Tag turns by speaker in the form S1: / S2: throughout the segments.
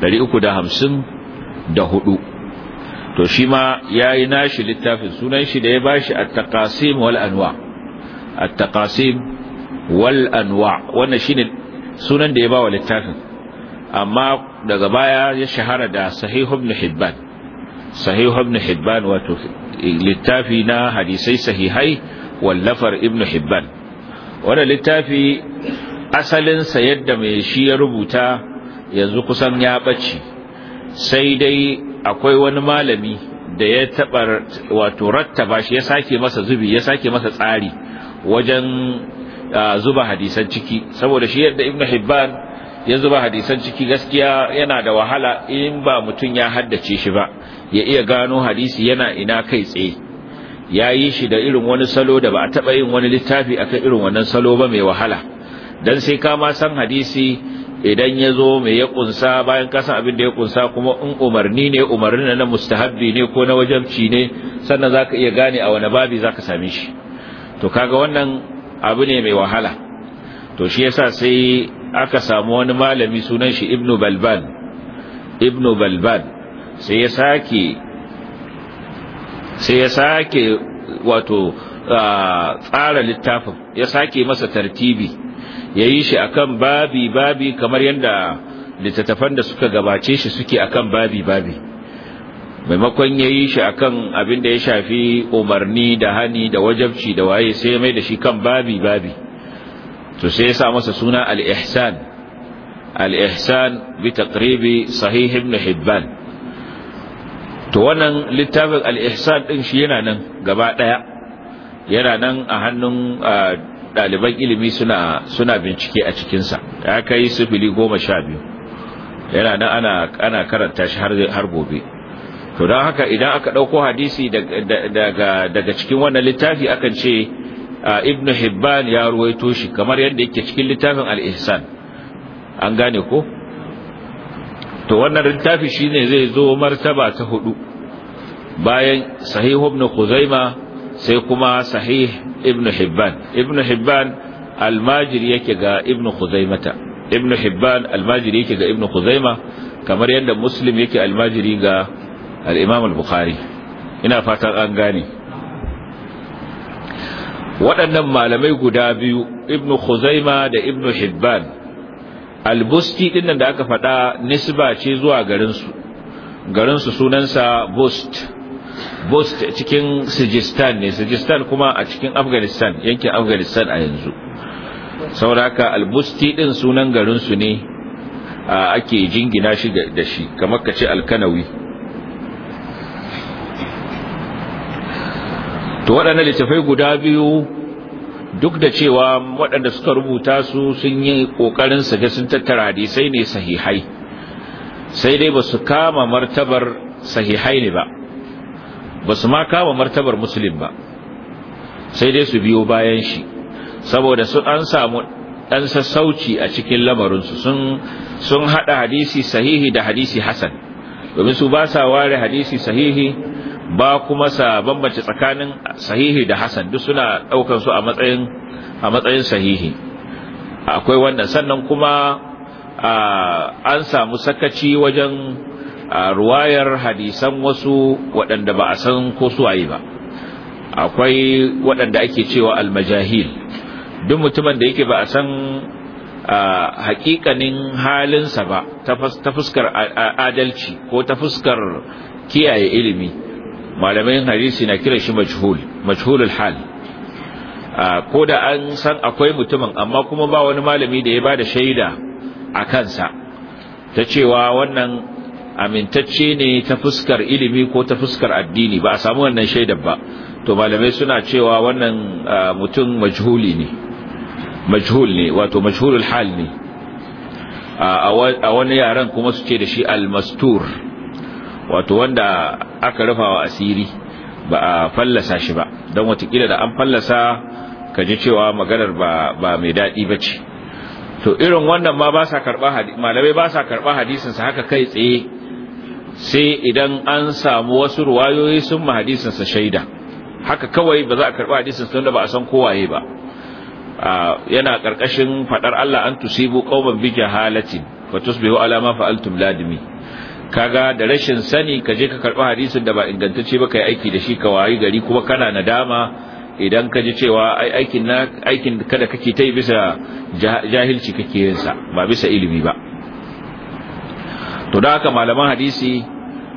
S1: 354 to shi ma ya yi nashi littafin sunan shi da ya bashi at-taqasim wal anwa at-taqasim wal anwa wannan shine sunan da ya ba wa littafin amma daga baya ya shahara da sahih ibn hibban sahih ibn hibban wato littafi na hadisai sahihai wallafar ibn hibban wannan littafi asalin sa yadda mai shi ya rubuta yanzu kusan ya ɓace sai dai akwai wani malami da ya taɓa wato rattaba shi ya sake masa zubi ya sake masa tsari wajen zuba hadisan ciki saboda shi yadda ibn hibban ya zuba hadisan ciki gaskiya yana da wahala in ba mutum ya haddace shi ba ya iya gano hadisi yana ina kai tsaye ya yi shi da irin wani salo da ba a taɓa yin wani littafi a kai irin wannan salo ba mai wahala dan sai ka ma san hadisi idan ya zo mai ya kunsa bayan kasan abin da ya kunsa kuma in umarni ne umarni na mustahabbi ne ko na wajabci ne sannan za ka iya gane a wani babi za ka same shi to kaga wannan abu ne mai wahala to shi yasa sai aka samu wani malami sunan shi ibnu balban ibnu balban sai ya sake wato tsara littafin ya sake masa tartibi ya yi shi akan babi babi kamar yadda littattafan da suka gabace shi suke akan babi babi maimakon ya yi shi akan abin da ya shafi umarni da hani da wajabci da waye sai mai da shi kan babi babi to sai ya sa masa suna al-ihsan al-ihsan bi taqribi sahih ibn hibban to wannan littafin al-ihsan din shi yana nan gaba ɗaya. yana nan a hannun ɗaliban ilimi suna suna bincike a cikinsa aka yi sifili goma sha biyu yana nan ana karanta shi har gobe to don haka idan aka ɗauko hadisi daga cikin wannan littafi akan ce ibnu hibban ya ruwaito shi kamar yadda yake cikin littafin al an gane ko to wannan littafi shine zai zo martaba ta hudu bayan sahihu ibn khuzaimah sai kuma sahih ibnu hibban ibnu hibban almajir yake ga ibnu khuzaimata ibnu hibban almajiri yake ga Ibnu khuzaima kamar yadda muslim yake almajiri ga al-imam al-bukhari ina fatan an gane waɗannan malamai guda biyu Ibnu khuzaima da Ibnu hibban al-busti dinnan da aka faɗa nisba ce zuwa garinsu garinsu sunansa bust both cikin sijistan ne sijistan kuma a cikin afghanistan yankin afghanistan a yanzu sauraka albusti din sunan garinsu ne ake jingina shi da shi kamar ka ce alkanawi to waɗannan littafai guda biyu duk da cewa waɗanda suka rubuta su sun yi ƙoƙarin ga sun tattara hadisai ne sahihai sai dai ba su kama martabar sahihai ne ba ba su ma kama martabar musulun ba sai dai su biyo bayan shi saboda su an samu ɗan sassauci a cikin lamarinsu sun sun haɗa hadisi sahihi da hadisi hasan domin su ba sa ware hadisi sahihi ba kuma sa bambance tsakanin sahihi da hasan duk suna ɗaukar su a matsayin a matsayin sahihi akwai wannan sannan kuma an samu sakaci wajen ruwayar hadisan wasu waɗanda ba a san ko suwaye ba akwai waɗanda ake cewa almajahil duk mutumin da yake ba a san hakikanin halinsa ba ta fuskar adalci ko ta fuskar kiyaye ilimi malamin hadisi na kira shi majhul majhulul hal ko da an san akwai mutumin amma kuma ba wani malami da ya bada shaida a kansa ta cewa wannan amintacce ne ta fuskar ilimi ko ta fuskar addini ba a samu wannan shaidar ba to malamai suna cewa wannan mutum majhuli ne majhul ne wato majhulul hal ne a wani yaran kuma su ce da shi almastur wato wanda aka rufawa asiri ba a fallasa shi ba don watakila da an fallasa ka ji cewa maganar ba mai daɗi ba ce to irin wannan ma ba sa karɓa ba sa karɓa hadisinsa haka kai tsaye sai idan an samu wasu ruwayoyi sun ma hadisinsa shaida haka kawai ba za a karɓi hadisin sun ba a san kowaye ba yana karkashin faɗar Allah an tusibu qauman bi jahalatin fa tusbihu ala ma fa'altum ladimi kaga da rashin sani ka je ka karɓi hadisin da ba ingantacce ba kai aiki da shi ka wayi gari kuma kana nadama idan ka ji cewa ai aikin na aikin kada kake ta bisa jahilci kake yin sa ba bisa ilimi ba to da haka malaman hadisi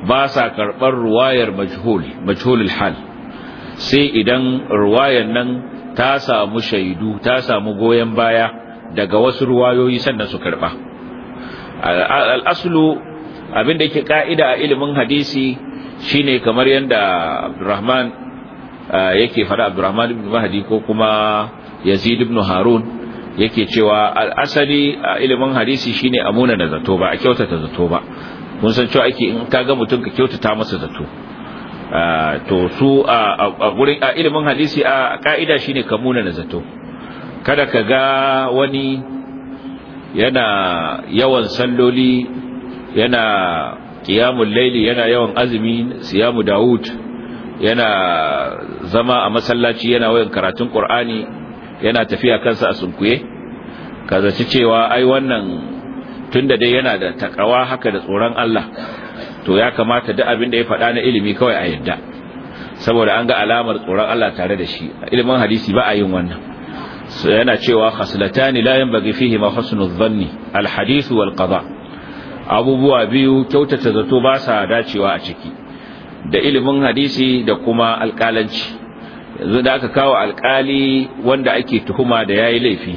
S1: ba sa karɓar ruwayar majhul majhulul hal sai idan ruwayar nan ta samu shaidu ta samu goyon baya daga wasu ruwayoyi sannan su karɓa aslu abin da yake ka'ida a ilimin hadisi shine kamar yadda Abdurrahman yake fara Abdurrahman ibn Mahdi ko kuma Yazid ibn Harun yake cewa al'asali a ilimin hadisi shine a da zato ba a kyautata zato ba mun san cewa ake in ka ga mutum ka kyautata masa zato to su a gurin a ilimin hadisi a ka'ida shine ka muna da zato kada ka ga wani yana yawan salloli yana qiyamul laili yana yawan azumi siyamu daud yana zama a masallaci yana wayan karatun qur'ani yana tafiya kansa a sunkuye ka zaci cewa ai wannan tunda dai yana da takawa haka da tsoron Allah to ya kamata duk abin da ya faɗa na ilimi kawai a yadda saboda an ga alamar tsoron Allah tare da shi ilimin hadisi ba a yin wannan yana cewa khaslatani la yanbaghi fihi ma husnu dhanni alhadith wal qada abubuwa biyu kyautata zato ba sa dacewa a ciki da ilimin hadisi da kuma alƙalanci yanzu da aka kawo alkali wanda ake tuhuma da yayi laifi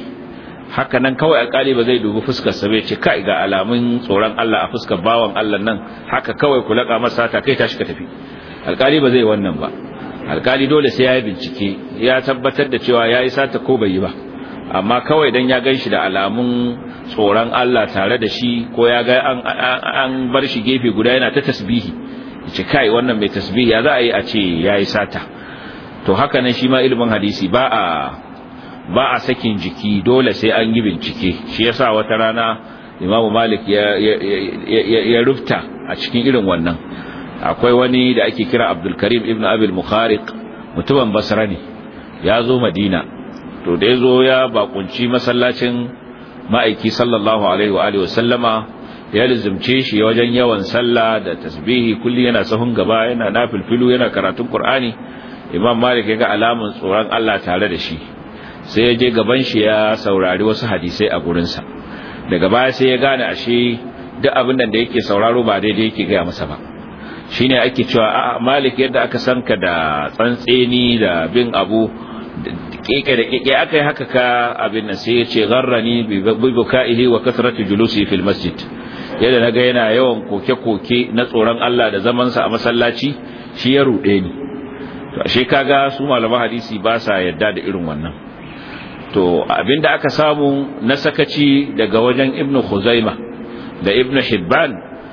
S1: haka nan kawai alkali ba zai dubi fuskar sa bai ce kai ga alamun tsoron Allah a fuskar bawan Allah nan haka kawai ku laka masa ta kai tashi ka tafi alkali ba zai wannan ba alkali dole sai ya bincike ya tabbatar da cewa ya yi sata ko bai yi ba amma kawai dan ya gan shi da alamun tsoron Allah tare da shi ko ya ga an, bar shi gefe guda yana ta tasbihi ce kai wannan mai tasbihi ya za a yi a ce ya yi sata to haka nan shi ma ilimin hadisi ba a ba a sakin jiki dole sai an yi bincike shi yasa wata rana imamu malik ya, ya, ya, ya rufta a cikin irin wannan akwai wani da ake kira abdulkarim ibn abil mukhariq mutumin basra ne ya zo madina to da ya zo ya bakunci masallacin ma'aiki sallallahu alaihi wa alihi sallama ya lizumce shi wajen yawan sallah da tasbihi kulli yana sahun gaba yana nafilfilu yana karatun qur'ani imam malik ya ga alamun tsoron Allah tare da shi sai ya je gaban shi ya saurari wasu hadisai a gurinsa daga baya sai ya gane ashe duk abin da yake sauraro ba daidai yake gaya masa ba shine ake cewa a malik yadda aka san ka da tsantseni da bin abu keke da keke aka yi haka ka abin nan sai ya ce garrani bi buka'ihi wa kasratu julusi fil masjid yadda ga yana yawan koke-koke na tsoron Allah da zaman sa a masallaci shi ya rude ni to ashe kaga su malaman hadisi ba sa yadda da irin wannan to abinda aka samu na sakaci daga wajen ibnu khuzaima da ibnu hibban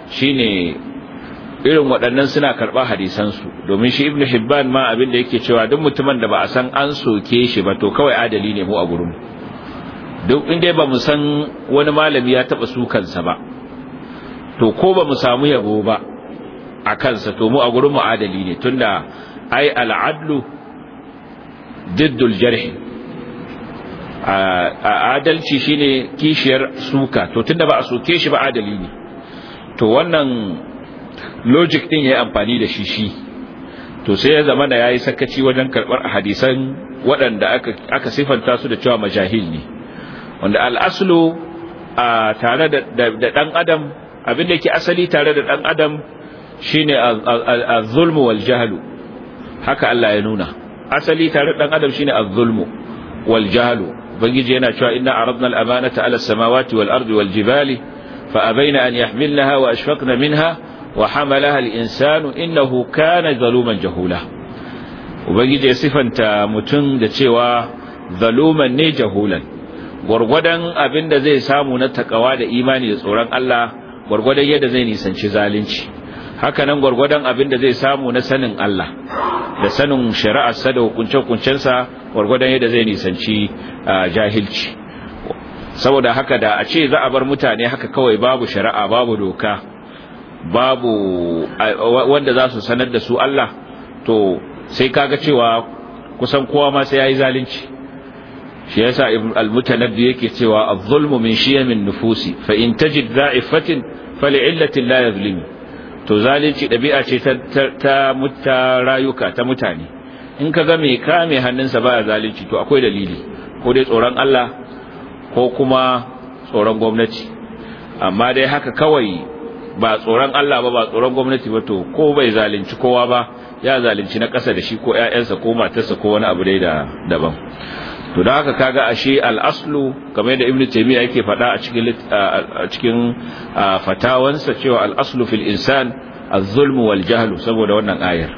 S1: shine irin waɗannan suna karɓar hadisansu domin shi ibnu hibban ma abin da yake cewa duk mutumin da ba a san an soke shi ba to kawai adali ne mu a gurin duk inda ba mu san wani malami ya taɓa su sa ba to ko ba mu samu yabo ba a kansa to mu a gurin mu adali ne tunda ai al'adlu diddul jarhi a adalci shine kishiyar suka to da ba a soke shi ba adali ne to wannan logic din yi amfani da shi shi to sai ya zama da yayi sakaci wajen karbar hadisan waɗanda aka aka sifanta su da cewa majahil ne wanda al tare da da adam abin da yake asali tare da ɗan adam shine az-zulmu wal jahlu haka Allah ya nuna asali tare dan adam shine az-zulmu wal jahlu ubangiji yana cewa inna aradna al-amanata ala samawati wal ardi wal jibali fa abaina an yahmilnaha wa ashfaqna minha wa hamalaha al-insanu innahu kana zaluman jahula ubangiji ya sifanta mutum da cewa zaluman ne jahulan gwargwadon abin da zai samu na takawa da imani da tsoron Allah gwargwadon yadda zai nisanci zalunci haka nan gwargwadon abin da zai samu na sanin Allah da sanin shari'arsa da hukunce-hukuncensa gwargwadon yadda zai nisanci jahilci saboda haka da a ce za a bar mutane haka kawai babu shari'a babu doka babu wanda za su sanar da su Allah to sai kaga cewa kusan kowa ma sai yayi zalunci shi yasa al-mutanabbi yake cewa az-zulmu min shiyamin nufusi fa in tajid dha'ifatin fali la yuzlimu to zalunci ɗabi'a ce ta ta rayuka ta mutane in ka ga mai kame hannunsa ba zalunci to akwai dalili ko dai tsoron Allah ko kuma tsoron gwamnati amma dai haka kawai ba tsoron Allah ba ba tsoron gwamnati ba to ko bai zalunci kowa ba ya zalunci na ƙasa da shi ko 'ya'yansa ko matarsa ko wani abu dai daban to da haka kaga ashe al-aslu kamar da ibnu taymiya yake faɗa a cikin a cikin fatawansa cewa al-aslu fil insan az-zulm wal jahl saboda wannan ayar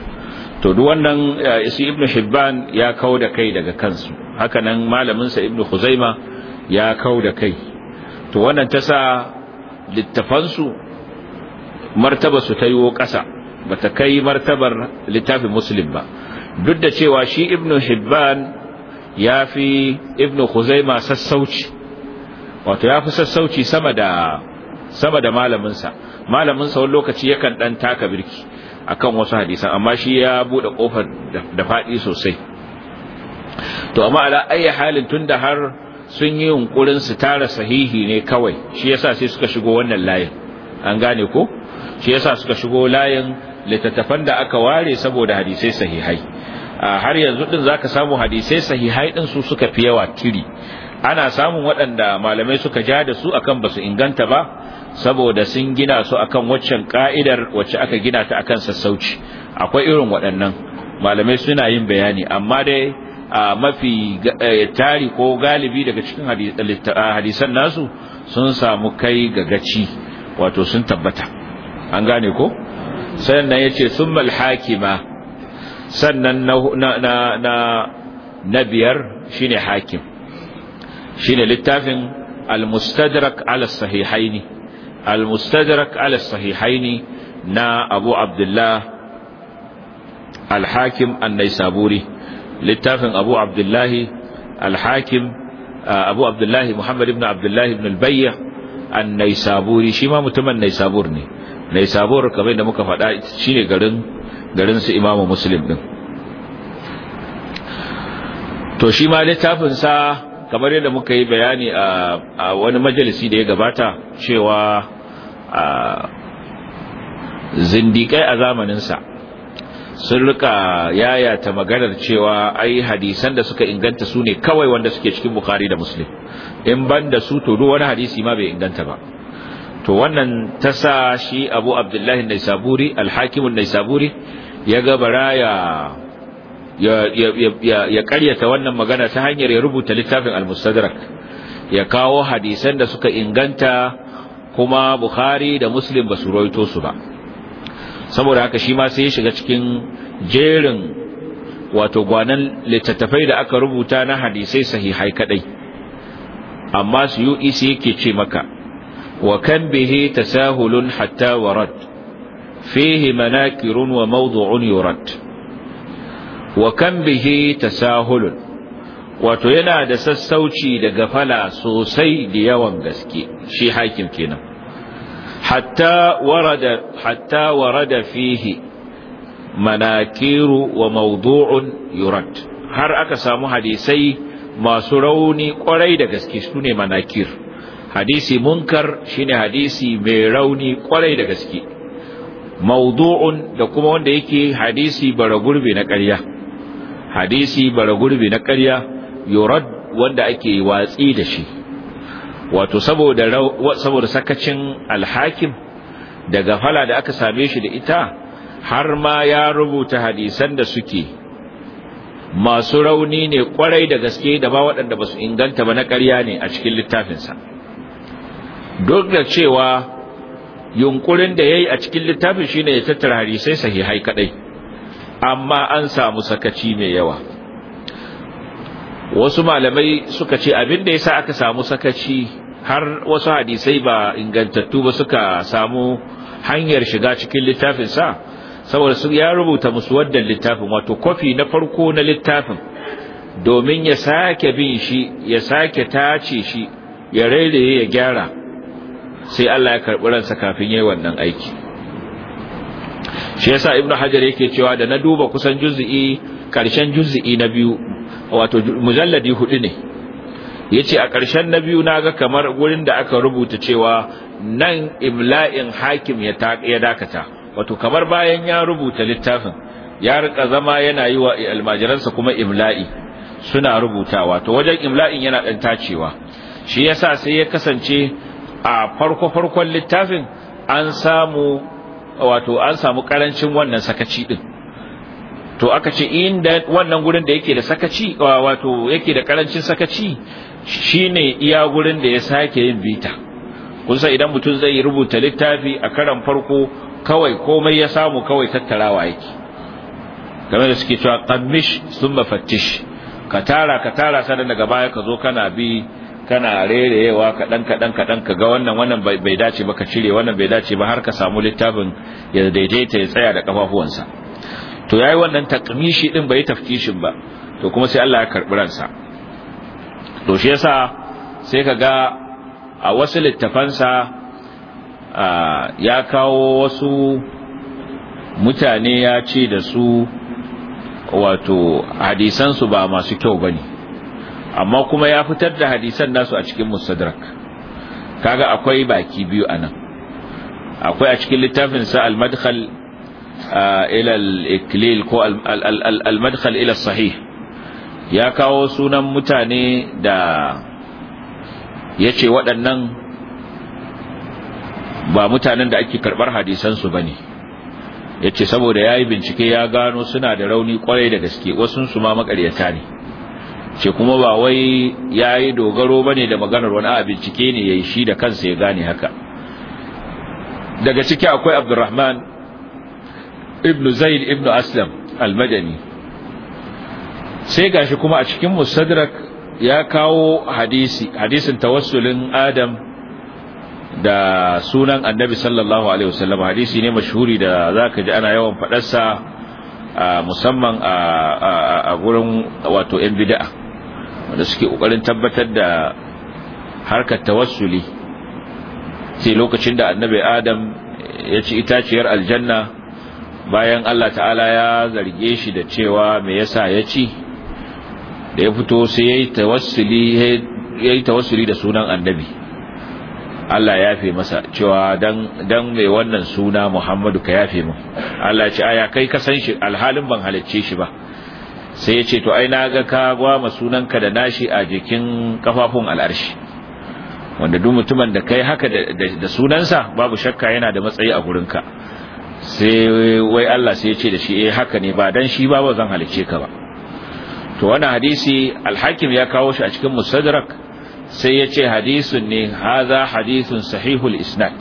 S1: to duk wannan isi ibnu hibban ya kawo da kai daga kansu haka nan malamin sa ibnu khuzaima ya kawo da kai to wannan ta sa littafansu su ta yiwo ƙasa bata kai martabar littafin muslim ba duk da cewa shi ibnu hibban ya fi ibn khuzaima sassauci wato ya fi sassauci sama da sama da malaminsa malaminsa wani lokaci yakan dan taka birki akan wasu hadisan amma shi ya bude kofar da faɗi sosai to amma ala ayi halin tunda har sun yi yunkurin su tara sahihi ne kawai shi yasa sai suka shigo wannan layin an gane ko shi yasa suka shigo layin littattafan da aka ware saboda hadisai sahihai har yanzu din zaka samu hadisai sahihai din su suka fi yawa tiri ana samun waɗanda malamai suka ja da su akan basu inganta ba saboda sun gina su akan waccan ka'idar wacce aka gina ta akan sassauci akwai irin waɗannan malamai suna yin bayani amma dai a mafi e, tari ko galibi daga cikin hadisan nasu sun samu kai ga gaci wato sun tabbata an gane ko sannan yace summal hakima sannan na na na na biyar shine hakim shine littafin al-mustadrak ala sahihaini al-mustadrak ala sahihaini na Abu Abdullah al-Hakim an-Naisaburi littafin Abu Abdullah al-Hakim Abu Abdullah Muhammad ibn Abdullah ibn al-Bayy an-Naisaburi shi ma mutumin Naisabur ne Naisabur kamar da muka faɗa shine garin garin su imamu muslim din to shi ma littafinsa kamar yadda muka yi bayani a wani majalisi da ya gabata cewa zindikai a zamanin sa sun rika yayata maganar cewa ai hadisan da suka inganta su ne kawai wanda suke cikin bukari da muslim in ban da su to duk wani hadisi ma bai inganta ba to wannan ta sa shi abu abdullahi naisaburi alhakimun naisaburi ya gabara ya karyata wannan magana ta hanyar ya rubuta littafin al ya kawo hadisan da suka inganta kuma bukhari da muslim ba su rawaito su ba saboda haka shi ma sai ya shiga cikin jerin wato gwanan littattafai da aka rubuta na hadisai sahihai kadai amma su yi yake ce maka وكان به تساهل حتى ورد فيه مناكر وموضع يرد وكان به تساهل wato yana da sassauci daga gafala sosai da yawan gaske shi hakim kenan hatta fihi manakiru wa mawdu'un yurad har aka samu hadisai masu rauni kwarai da gaske sune manakir hadisi munkar shine hadisi mai rauni kwarai da gaske mawdu'un da kuma wanda yake hadisi bara gurbi na ƙarya hadisi bara gurbi na ƙarya yurad wanda ake watsi da shi wato saboda saboda sakacin alhakim daga fala da aka same shi da ita har ma ya rubuta hadisan da suke masu rauni ne kwarai da gaske da ba waɗanda ba su inganta ba na ƙarya ne a cikin littafinsa duk da cewa yunkurin da yayi a cikin littafin shine ya tattara hadisai sahihai kadai amma an samu sakaci mai yawa wasu malamai suka ce abin da yasa aka samu sakaci har wasu hadisai ba ingantattu ba suka samu hanyar shiga cikin littafin sa saboda su ya rubuta musu wannan littafin wato kofi na farko na littafin domin ya sake bin shi ya sake tace shi ya rairaye ya gyara sai Allah ya karɓi ransa kafin yayi wannan aiki shi yasa ibnu hajar yake cewa da na duba kusan juz'i karshen juz'i na biyu wato mujalladi hudu ne yace a karshen na biyu naga kamar gurin da aka rubuta cewa nan imla'in hakim ya ya dakata wato kamar bayan ya rubuta littafin ya rika zama yana yi wa almajiransa kuma imla'i suna rubutawa to wajen imla'in yana dan tacewa shi yasa sai ya kasance a farko-farkon littafin an samu wato an samu karancin wannan sakaci din to aka ce inda wannan gurin da yake da sakaci wato yake da karancin sakaci shine iya gurin da ya sake yin bita kun san idan mutum zai rubuta littafi a karan farko kawai komai ya samu kawai tattarawa yake kamar da suke cewa qammish thumma fattish ka tara ka tara sanan daga baya ka zo kana bi kana rerewa kaɗan kaɗan kaɗan ka ga wannan wannan bai dace ba ka cire wannan bai dace ba har ka samu littafin ya daidaita ya tsaya da kafafuwansa to yayi wannan takmishi din bai tafkishin ba to kuma sai Allah ya karbi ransa to shi yasa sai ka ga a wasu littafansa ya kawo wasu mutane ya ce da su wato hadisansu ba masu kyau ba ne. amma kuma ya fitar da hadisan nasu a cikin mustadrak kaga akwai baki biyu a nan, akwai a cikin littafin sa al-madkhal ila al-iklil ko al-madkhal ila sahih ya kawo sunan mutane da yace waɗannan ba mutanen da ake karɓar hadisansu ba ne ya ce saboda ya yi bincike ya gano suna da rauni kwarai da gaske wasunsu ma makaryata ne ce kuma ba wai ya yi dogaro ba ne da maganar wani a bincike ne ya yi shi da kansa ya gane haka daga ciki akwai abdurrahman ibn zaid ibn aslam almadani sai gashi kuma a cikin musadrak ya kawo hadisi hadisin tawassulin adam da sunan annabi sallallahu alaihi wasallam hadisi ne mashhuri da zaka ji ana yawan fadarsa musamman a gurin wato 'yan bida'a wanda suke kokarin tabbatar da harkar tawassuli sai lokacin da annabi adam ya ci itaciyar aljanna bayan Allah ta'ala ya zarge shi da cewa me yasa ya ci da ya fito sai yayi tawassuli yayi tawassuli da sunan annabi Allah ya yafe masa cewa dan dan mai wannan suna Muhammadu ka yafe mu Allah ya ce aya kai ka san shi alhalin ban halicce shi ba sai ya ce to ai na ga ka gwama sunanka da nashi a jikin kafafun al'arshi wanda duk mutumin da kai haka da sunansa babu shakka yana da matsayi a gurinka sai wai Allah sai ya ce da shi eh haka ne ba dan shi ba zan halice ka ba to wannan hadisi al-hakim ya kawo shi a cikin musadrak sai ya ce hadisun ne haza hadisun sahihul isnad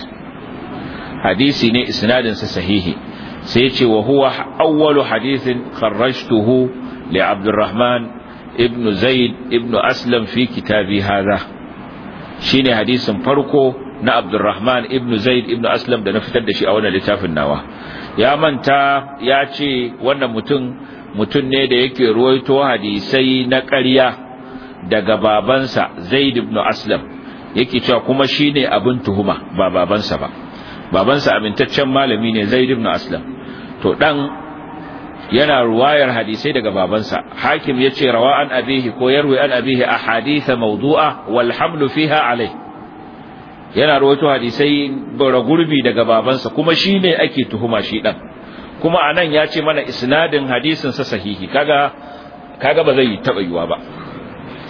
S1: hadisi ne isnadinsa sahihi sai ya ce wa huwa awwalu hadithin kharrajtuhu لعبد الرحمن ابن Aslam ابن أسلم في كتابي هذا شيني حديث فرقو na Abdulrahman ibn Zaid ibn Aslam da na fitar da shi a wannan littafin nawa ya manta ya ce wannan mutum mutum ne da yake ruwaito hadisai na karya daga babansa Zaid ibn Aslam yake cewa kuma shine abin tuhuma ba babansa ba babansa amintaccen malami ne Zaid ibn Aslam to dan yana ruwayar hadisai daga babansa hakim ya ce rawa an abihi ko yarwi an abihi ahaditha mawdu'a wal hamlu fiha alai yana rawaito hadisai bara gurbi daga babansa kuma shi shine ake tuhuma shi dan kuma anan ya ce mana isnadin hadisin sa sahihi kaga kaga ba zai taba yiwa ba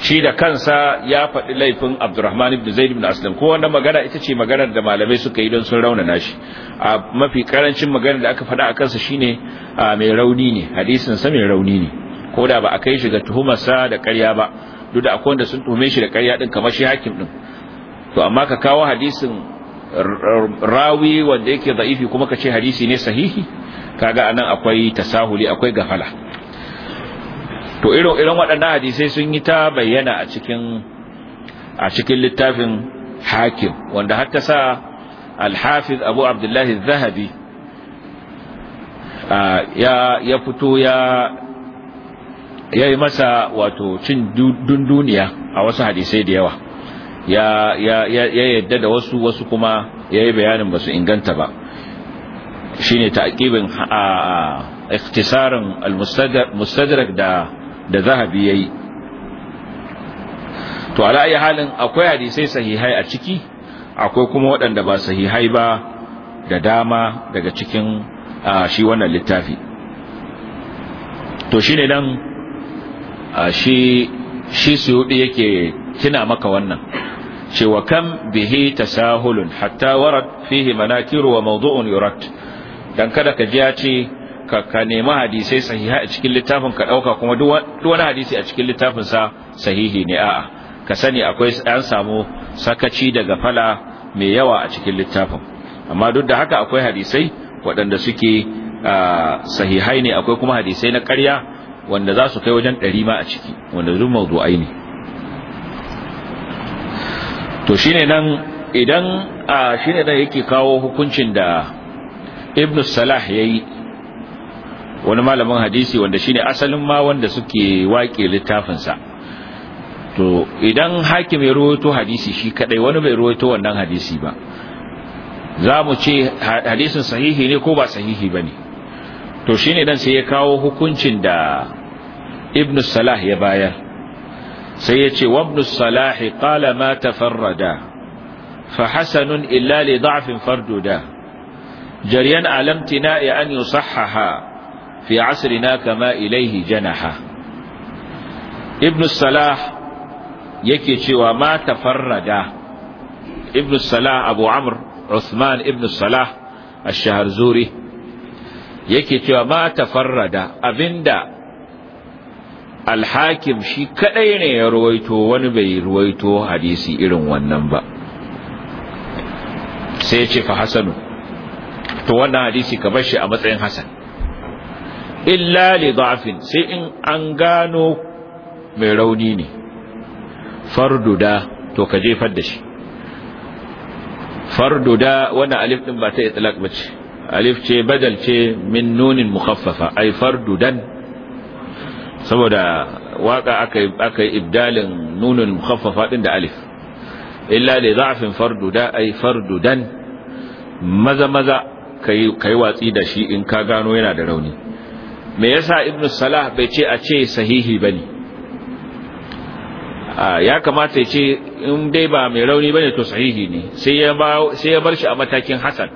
S1: shi da kansa ya faɗi laifin Abdurrahman ibn Zaid ibn Aslam ko wannan magana ita ce maganar da malamai suka yi don sun raunana shi a mafi karancin magana da aka faɗa a kansa shine mai rauni ne hadisin sa mai rauni ne ko da ba a kai shi ga tuhumarsa da ƙarya ba duk da akwai wanda sun tuhume shi da ƙarya din kamar shi hakim din to amma ka kawo hadisin rawi wanda yake da'ifi kuma ka ce hadisi ne sahihi kaga anan akwai tasahuli akwai gafala to irin irin waɗannan hadisai sun yi ta bayyana a cikin a cikin littafin hakim wanda har ta sa al abu abdullahi zahabi ya ya fito ya ya masa wato cin dunduniya a wasu hadisai da yawa ya ya yadda da wasu wasu kuma ya yi bayanin ba su inganta ba shine ta'kibin a iktisarin al-mustadrak da da zahabi yayi to ala ayi halin akwai hadisai sahihai a ciki akwai kuma waɗanda ba sahihai ba da dama daga cikin shi wannan littafi to shine nan shi shi yake kina maka wannan cewa kam bihi tasahulun hatta warad fihi manakiru wa mawdu'un yurat dan kada ka ji ya ce ka ka nemi hadisai sahiha a cikin littafin ka dauka kuma duk wani hadisi a cikin littafin sa sahihi ne a'a ka sani akwai an samu sakaci daga fala mai yawa a cikin littafin amma duk da haka akwai hadisai waɗanda suke sahihai ne akwai kuma hadisai na ƙarya wanda za su kai wajen ɗari ma a ciki wanda zuwa mawdu'ai ne to shine nan idan shine nan yake kawo hukuncin da ibn salah ya wani malamin hadisi wanda shine asalin ma wanda suke waƙe littafinsa to idan hakim ya rawaito hadisi shi kadai wani bai rawaito wannan hadisi ba za mu ce hadisin sahihi ne ko ba sahihi ba ne to shine dan sai ya kawo hukuncin da ibn salah ya bayar sai ya ce wabnu salah qala ma tafarrada fa hasanun illa li da'fin farduda jariyan alamtina an yusahhaha fi asrina kama ilaihi janaha ibn salah yake cewa ma tafarrada ibn salah abu amr usman ibn salah ash-shaharzuri yake cewa ma tafarrada abinda alhakim shi kadai ne ya ruwaito wani bai ruwaito hadisi irin wannan ba sai ya ce fa hasanu to wannan hadisi ka bar shi a matsayin hasan illa li da'fin sai in an gano mai rauni ne farduda to ka jefar da shi farduda wannan alif din ba ta itlaq ce. alif ce badal ce min nunin mukhaffafa ay fardudan saboda waka akai akai ibdalin nunin mukhaffafa din da alif illa li da'fin farduda ay fardudan maza maza kai kai watsi da shi in ka gano yana da rauni me yasa ibnu salah bai ce a ce sahihi bane ya kamata ya ce in dai ba mai rauni bane to sahihi ne sai ya bar shi a matakin hasan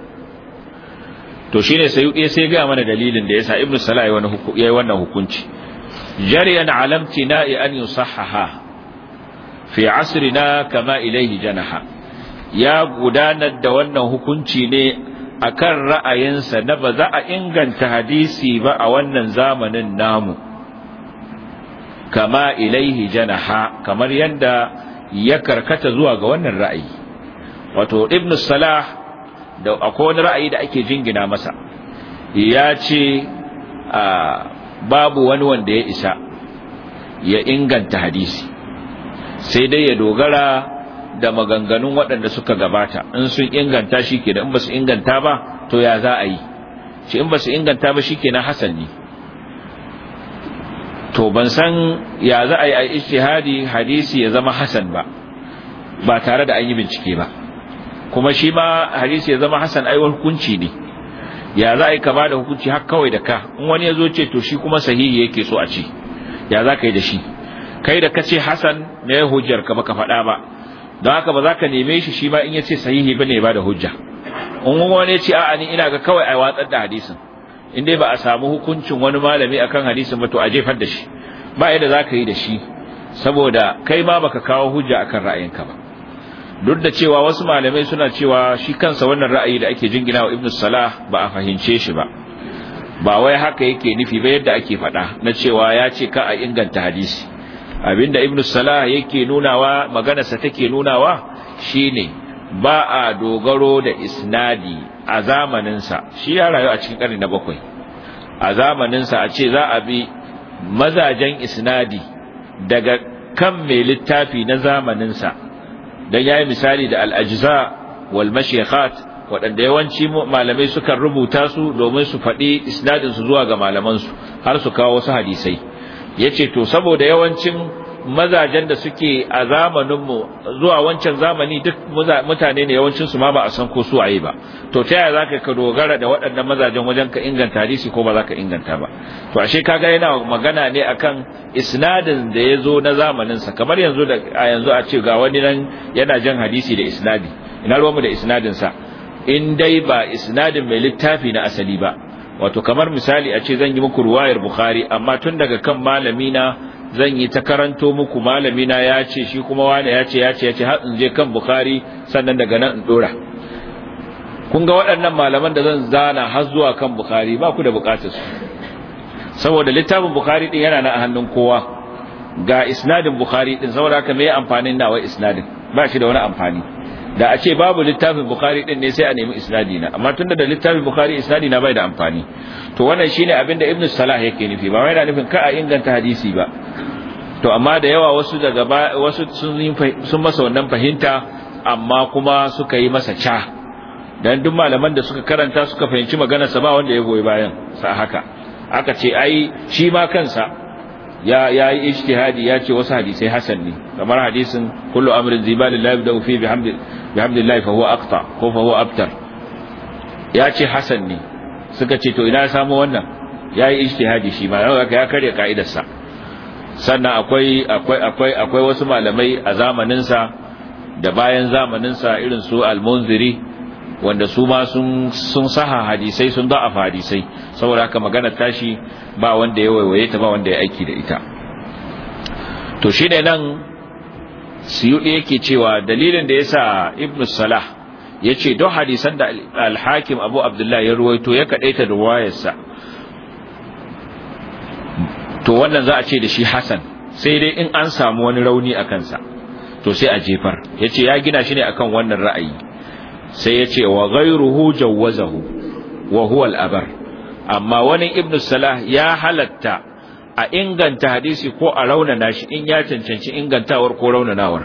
S1: to shine ne sai ga mana dalilin da yasa ibnu salah yayi wannan hukunci jariyan alamti na'i an yusahhaha fi asrina kama ilaihi janaha ya gudanar da wannan hukunci ne A kan ra'ayinsa na ba za a inganta hadisi ba a wannan zamanin namu kama ilaihi janaha kamar yadda ya karkata zuwa ga wannan ra'ayi wato ibn salah da akwai wani ra'ayi da ake jingina masa ya ce babu wani wanda ya isa ya inganta hadisi sai dai ya dogara da maganganun waɗanda suka gabata in sun inganta shi da in ba su inganta ba to ya za a yi shi in ba su inganta ba shi ke na hasan ne to ban san ya za a yi a ijtihadi hadisi ya zama hasan ba ba tare da an yi bincike ba kuma shi ma hadisi ya zama hasan ai hukunci ne ya za a yi ka ba da hukunci har kawai da ka in wani ya zo ce to shi kuma sahihi yake so a ce ya za ka yi da shi kai da ka ce hasan na yi hujjar ka baka faɗa ba don haka ba za ka neme shi shi ma in ya ce sahihi ba ne ba da hujja in wani ya ce a'a ni ina ga kawai a watsar da hadisin in dai ba a samu hukuncin wani malami akan hadisin ba to a jefar da shi ba yadda za ka yi da shi saboda kai ma baka kawo hujja akan ra'ayinka ba duk da cewa wasu malamai suna cewa shi kansa wannan ra'ayi da ake jingina wa ibnu salah ba a fahimce shi ba ba wai haka yake nufi ba yadda ake faɗa na cewa ya ce ka a inganta hadisi abinda ibnu salah yake nunawa maganarsa take nunawa shine ba a dogaro da isnadi a zamaninsa shi ya rayu a cikin karni na bakwai a zamaninsa a ce za a bi mazajen isnadi daga kan mai littafi na zamaninsa don ya yi misali da al'ajiza wal waɗanda yawanci malamai sukan rubuta su domin su faɗi isnadinsu zuwa ga malamansu har su kawo wasu hadisai yace to saboda yawancin mazajen da suke a zamaninmu zuwa wancan zamani duk mutane ne yawancin su ma ba a san ko su waye ba to ta yaya zaka ka dogara da waɗannan mazajen wajen ka inganta hadisi ko ba za ka inganta ba to ashe ka ga yana magana ne akan isnadin da ya zo na zamanin sa kamar yanzu da a yanzu a ce ga wani nan yana jan hadisi da isnadi ina ruwanmu da isnadin sa in dai ba isnadin mai littafi na asali ba wato kamar misali a ce zan yi muku ruwayar bukhari amma tun daga kan malamina zan yi ta karanto muku malamina ya ce shi kuma wani ya ce ya ce ya ce har in je kan bukhari sannan daga nan in dora kun ga waɗannan malaman da zan zana har zuwa kan bukhari ba ku da bukatar su saboda littafin bukhari din yana na a hannun kowa ga isnadin bukhari din saboda haka me amfanin nawa isnadin ba shi da wani amfani da a ce babu littafin bukhari din ne sai a nemi isnadi na amma tunda da littafin bukhari isnadi na bai da amfani to wannan shine abin da ibnu salah yake nufi ba wai yana nufin ka a inganta hadisi ba to amma da yawa wasu daga wasu sun masa wannan fahimta amma kuma suka yi masa ca dan duk malaman da suka karanta suka fahimci maganar sa ba wanda ya goyi bayan sa haka aka ce ai shi ma kansa ya ya yi ijtihadi ya ce wasu hadisai hasan ne kamar hadisin kullu amrin zibalin la yabda fi bihamdillah fa huwa aqta ko fa huwa abtar ya ce hasan ne suka ce to ina ya samu wannan ya yi ijtihadi shi ma ya karya ka'idarsa sannan akwai akwai akwai akwai wasu malamai a zamaninsa da bayan zamaninsa irin su al-munziri wanda su ma sun saha hadisai sun da'afa hadisai saboda haka magana tashi ba wanda ya waiwaye ta ba wanda ya aiki da ita to shine nan suyudi yake cewa dalilin da yasa ibn salah yace duk hadisan da alhakim hakim abu abdullah ya ruwaito ya da wayarsa. to wannan za a ce da shi hasan sai dai in an samu wani rauni a kansa to sai a jefar ya ce ya gina shi ne akan wannan ra'ayi sai ya ce wa ghairuhu jawwazahu wa huwa al-abar amma wani ibn salah ya halatta a inganta hadisi ko a raunana shi in ya cancanci ingantawar ko raunanawar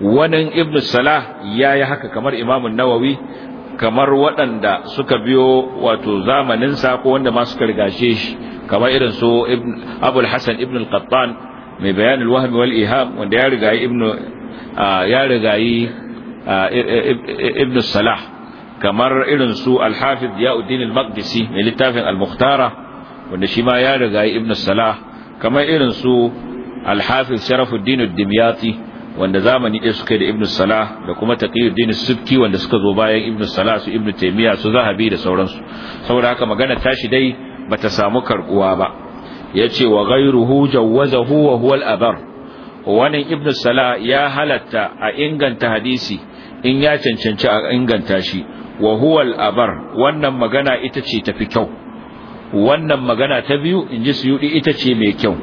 S1: wani ibn salah ya yi haka kamar imamun nawawi kamar waɗanda suka biyo wato sa ko wanda ma suka rigashe shi kamar irin su abul hasan ibn al-qattan mai bayanin wahmi wal iham wanda ya rigayi ibn ah, ya rigayi ibn salah kamar irin su al-hafiz ya'uddin al mai littafin al-mukhtara wanda shi ma ya riga ibn salah kamar irin su al-hafiz sharafuddin ad wanda zamani ɗaya suka da ibn salah da kuma taqiyuddin as-subki wanda suka zo bayan ibn salah su ibn taymiya su zahabi da sauransu saboda haka magana tashi dai bata samu karbuwa ba yace wa ghayruhu jawwazahu wa huwa al-abar wannan ibn salah ya halatta a inganta hadisi in ya cancanci a inganta shi wa al abar wannan magana ita ce tafi kyau wannan magana ta biyu in ji suyudi ita ce mai kyau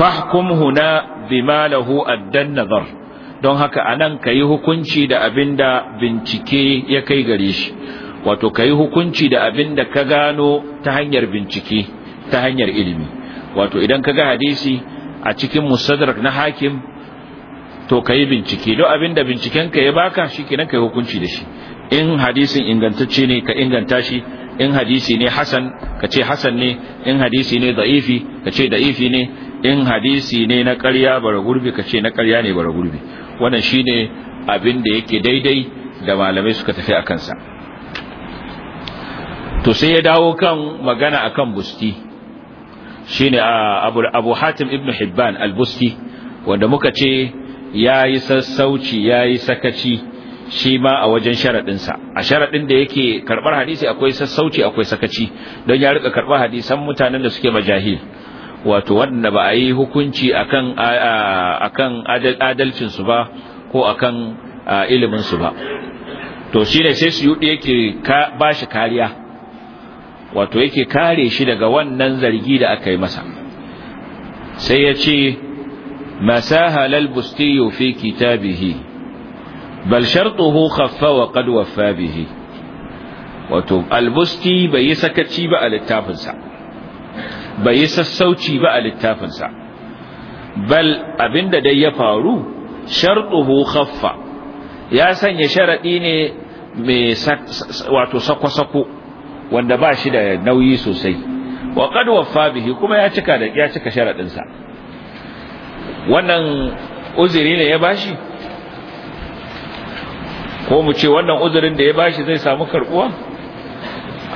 S1: fahkum huna bima lahu addan nazar don haka anan kayi hukunci da abinda bincike ya kai gare shi wato kayi hukunci da abinda ka gano ta hanyar bincike ta hanyar ilimi wato idan ka ga hadisi a cikin musadrak na hakim to ka yi bincike duk abin da bincikenka ya baka shi kenan ka yi hukunci da shi in hadisin ingantacce ne ka inganta shi in hadisi ne hasan ka ce hasan ne in hadisi ne da'ifi ka ce da'ifi ne in hadisi ne na ƙarya bara gurbi ka ce na ƙarya ne bara gurbi wannan shine abin da yake daidai da malamai suka tafi a kansa to sai ya dawo kan magana akan busti shine ne ah, abu hatim ibnu hibban al-busti wanda muka ce ya yi sassauci ya yi sakaci shi ma a wajen sharaɗinsa a sharaɗin da yake karɓar hadisi akwai sassauci akwai sakaci don ya rika karɓar hadisan mutanen da suke majahil wato wanda ba a yi hukunci akan akan adalcinsu ba ko akan iliminsu ba to shine sai su yuɗi yake ba shi kariya wato yake kare shi daga wannan zargi da aka yi masa sai ya ce ما ساهل البستي في كتابه بل شرطه خف وقد وفى به wato albusti bai yi sakaci ba a littafinsa bai yi sassauci ba a littafinsa bal abinda dai ya faru shartuhu khaffa ya sanya sharaɗi ne mai wato sako-sako wanda ba shi da nauyi sosai wa qad bihi kuma ya cika da ya cika sharadin wannan uzuri ne ya bashi ko mu ce wannan uzurin da ya bashi zai samu karbuwa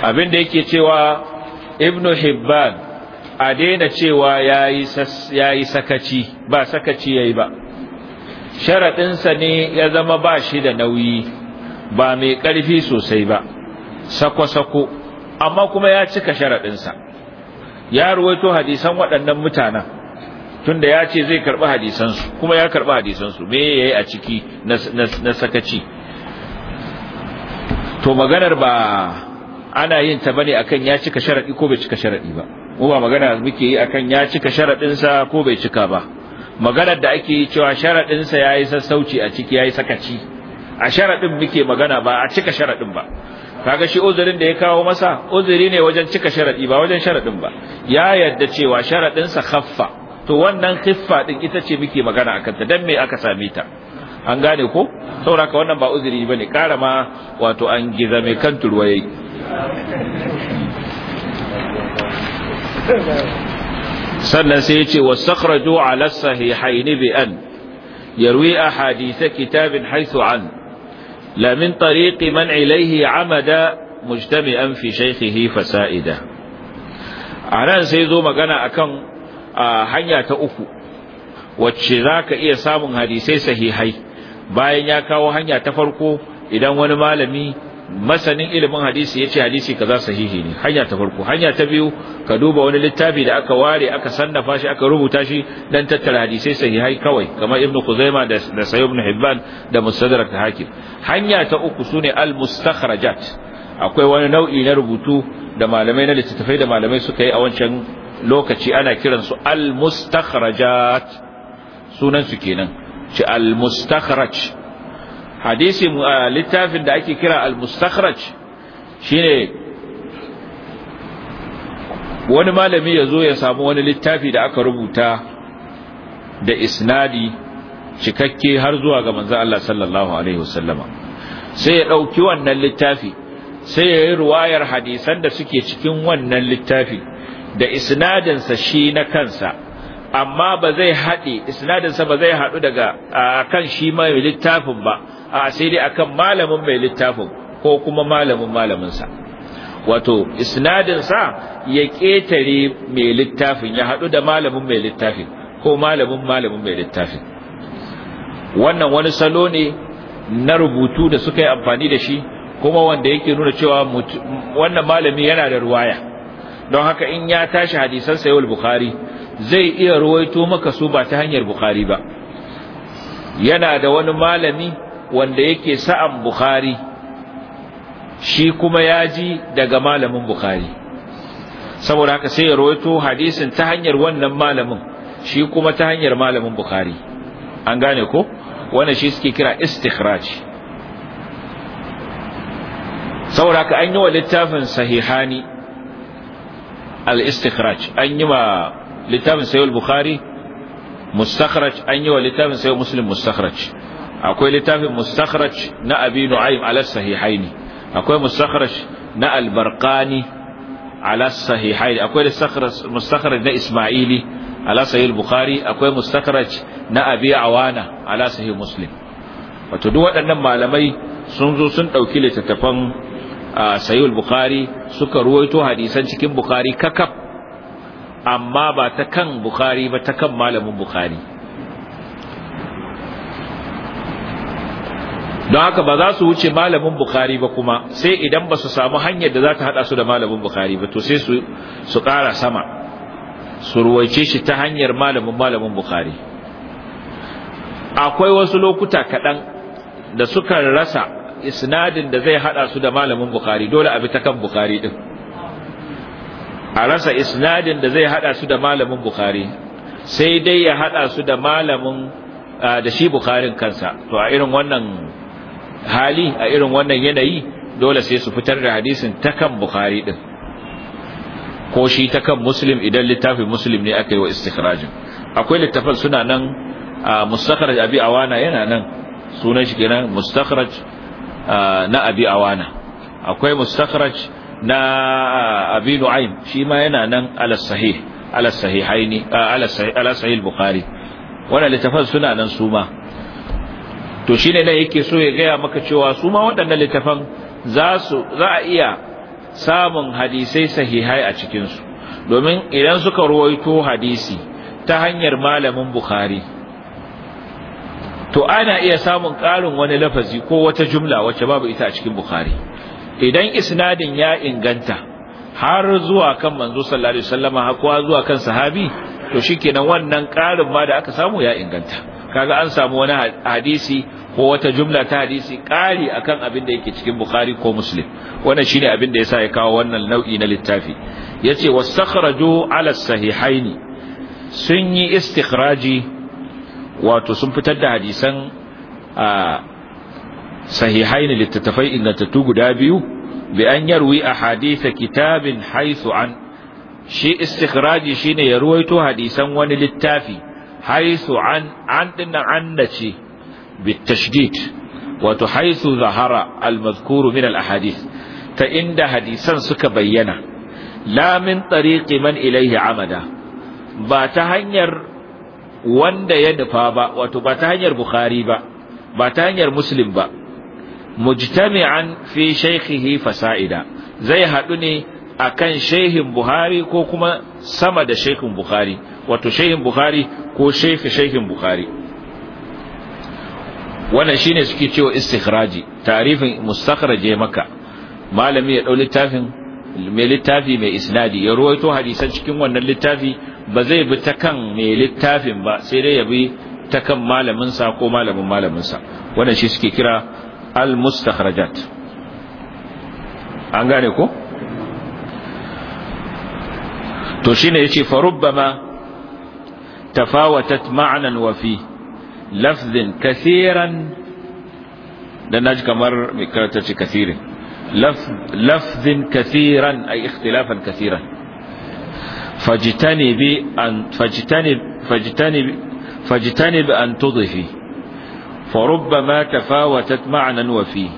S1: abin da yake cewa ibnu hibban a daina cewa ya yi sakaci ba sakaci ya yi ba sharaɗinsa ne ya zama ba shi da nauyi ba mai ƙarfi sosai ba sako-sako amma kuma ya cika sharaɗinsa ya ruwaito hadisan waɗannan mutanen tunda ya ce zai karɓi hadisansu kuma ya karɓi hadisansu me ya yi a ciki na sakaci to maganar ba ana yin ta bane akan ya cika sharaɗi ko bai cika sharaɗi ba mu ba magana muke yi akan ya cika sharaɗinsa ko bai cika ba maganar da ake yi cewa sharaɗinsa ya yi sassauci a ciki ya yi sakaci a sharaɗin muke magana ba a cika sharaɗin ba kaga shi uzurin da ya kawo masa uzuri ne wajen cika sharaɗi ba wajen sharaɗin ba ya yarda cewa sharaɗinsa khaffa to wannan khiffa din ita ce muke magana akan ta dan me aka same ta an gane ko saboda ka wannan ba uzuri bane kara ma wato an giza mai kan turwaye sannan sai ya ce wasakhraju ala sahihain bi an yarwi ahadith kitabin haythu an lamin من طريق من إليه amada مجتمعا fi شيخه fasa'ida a nan sai zo magana akan hanya ta uku wacce za ka iya samun hadisai sahihai bayan ya kawo hanya ta farko idan wani malami masanin ilimin hadisi ya ce hadisi kaza sahihi ne hanya ta farko hanya ta biyu ka duba wani littafi da aka ware aka sannafa shi aka rubuta shi dan tattara hadisai sahihai kawai kamar ibnu kuzaima da da sayyid ibn hibban da mustadrak hakim hanya ta uku sune al mustakhrajat akwai wani nau'i na rubutu da malamai na littattafai da malamai suka yi a wancan lokaci ana kiransu al-mustakhrajat su kenan ci al-mustakhraj hadisi littafin da ake kira al-mustakhraj shine wani malami ya zo ya samu wani littafi da aka rubuta da isnadi cikakke har zuwa ga manzo Allah sallallahu alaihi wasallama sai ya ɗauki wannan littafi sai ya yi ruwayar hadisan da suke cikin wannan littafi da isnadinsa shi na kansa amma ba zai haɗe isnadinsa ba zai haɗu daga akan shi mai littafin ba a sai dai akan malamin mai littafin ko kuma malamin malaminsa wato isnadinsa ya ƙetare mai littafin ya haɗu da malamin mai littafin ko malamin malamin mai littafin wannan wani salo ne na rubutu da suka yi amfani da shi kuma wanda yake nuna cewa wannan malami yana da ruwaya don haka in ya tashi hadisan sa bukhari zai iya ruwaito maka su ba ta hanyar bukhari ba yana da wani malami wanda yake sa'an bukhari shi kuma ya ji daga malamin bukhari saboda haka sai ya ruwaito hadisin ta hanyar wannan malamin shi kuma ta hanyar malamin bukhari an gane ko wannan shi suke kira istikhraj saboda haka an yi wa littafin sahihani al-istikhraj an yi ma littafin sayyid bukhari mustakhraj an yi wa littafin sayyid muslim mustakhraj akwai littafin mustakhraj na abi nu'aym ala sahihaini akwai mustakhraj na al-barqani ala sahihaini akwai mustakhraj na isma'ili ala sahih bukhari akwai mustakhraj na abi awana ala sahih muslim wato duk waɗannan malamai sun zo sun ɗauki littattafan sayul bukhari suka ruwaito hadisan cikin bukhari kakaf amma ba ta kan bukhari ba ta kan malamin bukhari don haka ba za su wuce malamin bukhari ba kuma sai idan ba su samu hanyar da za ta hada su da malamin bukhari ba to sai su su ƙara sama su ruwaice shi ta hanyar malamin malamin bukhari akwai wasu lokuta kaɗan da suka rasa isnadin da zai hada su da malamin bukhari dole a bi ta kan bukhari din a rasa isnadin da zai hada su da malamin bukhari sai dai ya hada su da malamin da shi bukharin kansa to a irin wannan hali a irin wannan yanayi dole sai su fitar da hadisin ta kan bukhari din ko shi ta kan muslim idan littafin muslim ne aka yi wa istikhrajin akwai littafan suna nan mustakhraj abi awana yana nan sunan shi kenan mustakhraj na abi awana akwai mustakhraj na abi nu'aym shi ma yana nan ala sahih ala sahihaini ala sahih ala sahih bukhari wala littafan suna nan su ma to shine ne yake so ya gaya maka cewa su ma waɗannan littafan za su za a iya samun hadisai sahihai a cikin su domin idan suka ruwaito hadisi ta hanyar malamin bukhari to ana iya samun ƙarin wani lafazi ko wata jumla wacce babu ita a cikin bukhari idan isnadin ya inganta har zuwa kan manzo sallallahu alaihi wasallama har zuwa kan sahabi to shikenan wannan ƙarin ma da aka samu ya inganta kaga an samu wani hadisi ko wata jumla ta hadisi ƙari akan abin da yake cikin bukhari ko muslim wannan shine abin da yasa ya kawo wannan nau'i na littafi yace wastakhraju ala sahihaini sun yi istikhraji wato sun fitar da hadisan sahihai ne littattafai ingantattu guda biyu bi an yarwi a hadisa kitabin haisu an shi istikhraji shine ya ruwaito hadisan wani littafi haisu an an dinnan an bitashdid wato haisu zahara almazkuru min alahadith ta inda hadisan suka bayyana la min tariqi man ilaihi amada ba ta hanyar wanda ya nufa ba wato ba ta hanyar bukhari ba ba ta hanyar muslim ba mujtami'an fi shaykhihi fasa'ida zai hadu ne akan shehin buhari ko kuma sama da shehin buhari wato shehin buhari ko shehi shehin buhari wannan shine suke cewa istikhraji tarifin mustakhraje maka malami ya ɗau littafin mai littafi mai isnadi ya ruwaito hadisan cikin wannan littafi ba zai bi ta kan mai littafin ba sai dai ya bi ta kan malaminsa ko malamin malaminsa wannan shi suke kira al-mustakhrajat an gane ko to shine yace farubbama tafawatat ma'nan wa fi lafzin kaseeran dan naji kamar mai karanta ce kasirin lafzin kaseeran ay ikhtilafan kaseeran fajtanibi an fajtanib fajtanib fajtanib an tudhi فربما تفاوتت معنى وفي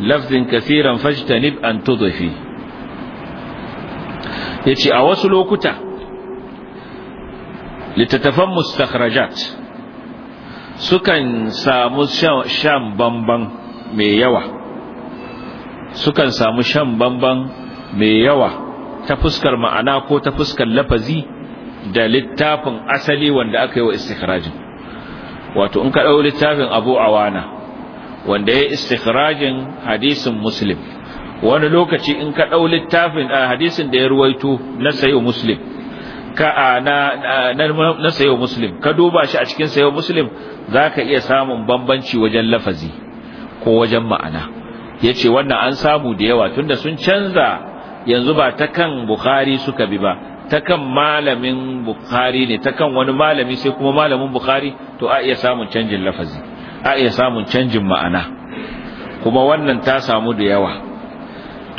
S1: لفظ كثيرا فاجتنب أن تضفي يتي أوصل وكتا littattafan mustakhrajat sukan samu shan bamban mai yawa sukan samu shan bamban mai yawa ta fuskar ma'ana ko ta fuskar lafazi da littafin asali wanda aka yi wa istikhrajin wato in ka ɗau littafin abu awana wanda ya istikhrajin hadisin muslim wani lokaci in ka ɗau littafin a hadisin da ya ruwaito na sayo muslim ka a na na sayo muslim ka duba shi a cikin sayo muslim za ka iya samun bambanci wajen lafazi ko wajen ma'ana ya ce wannan an samu da yawa tunda sun canza yanzu ba ta kan bukhari suka bi ba ta kan malamin bukhari ne ta kan wani malami sai kuma malamin bukhari to a iya samun canjin lafazi a iya samun canjin ma'ana kuma wannan ta samu da yawa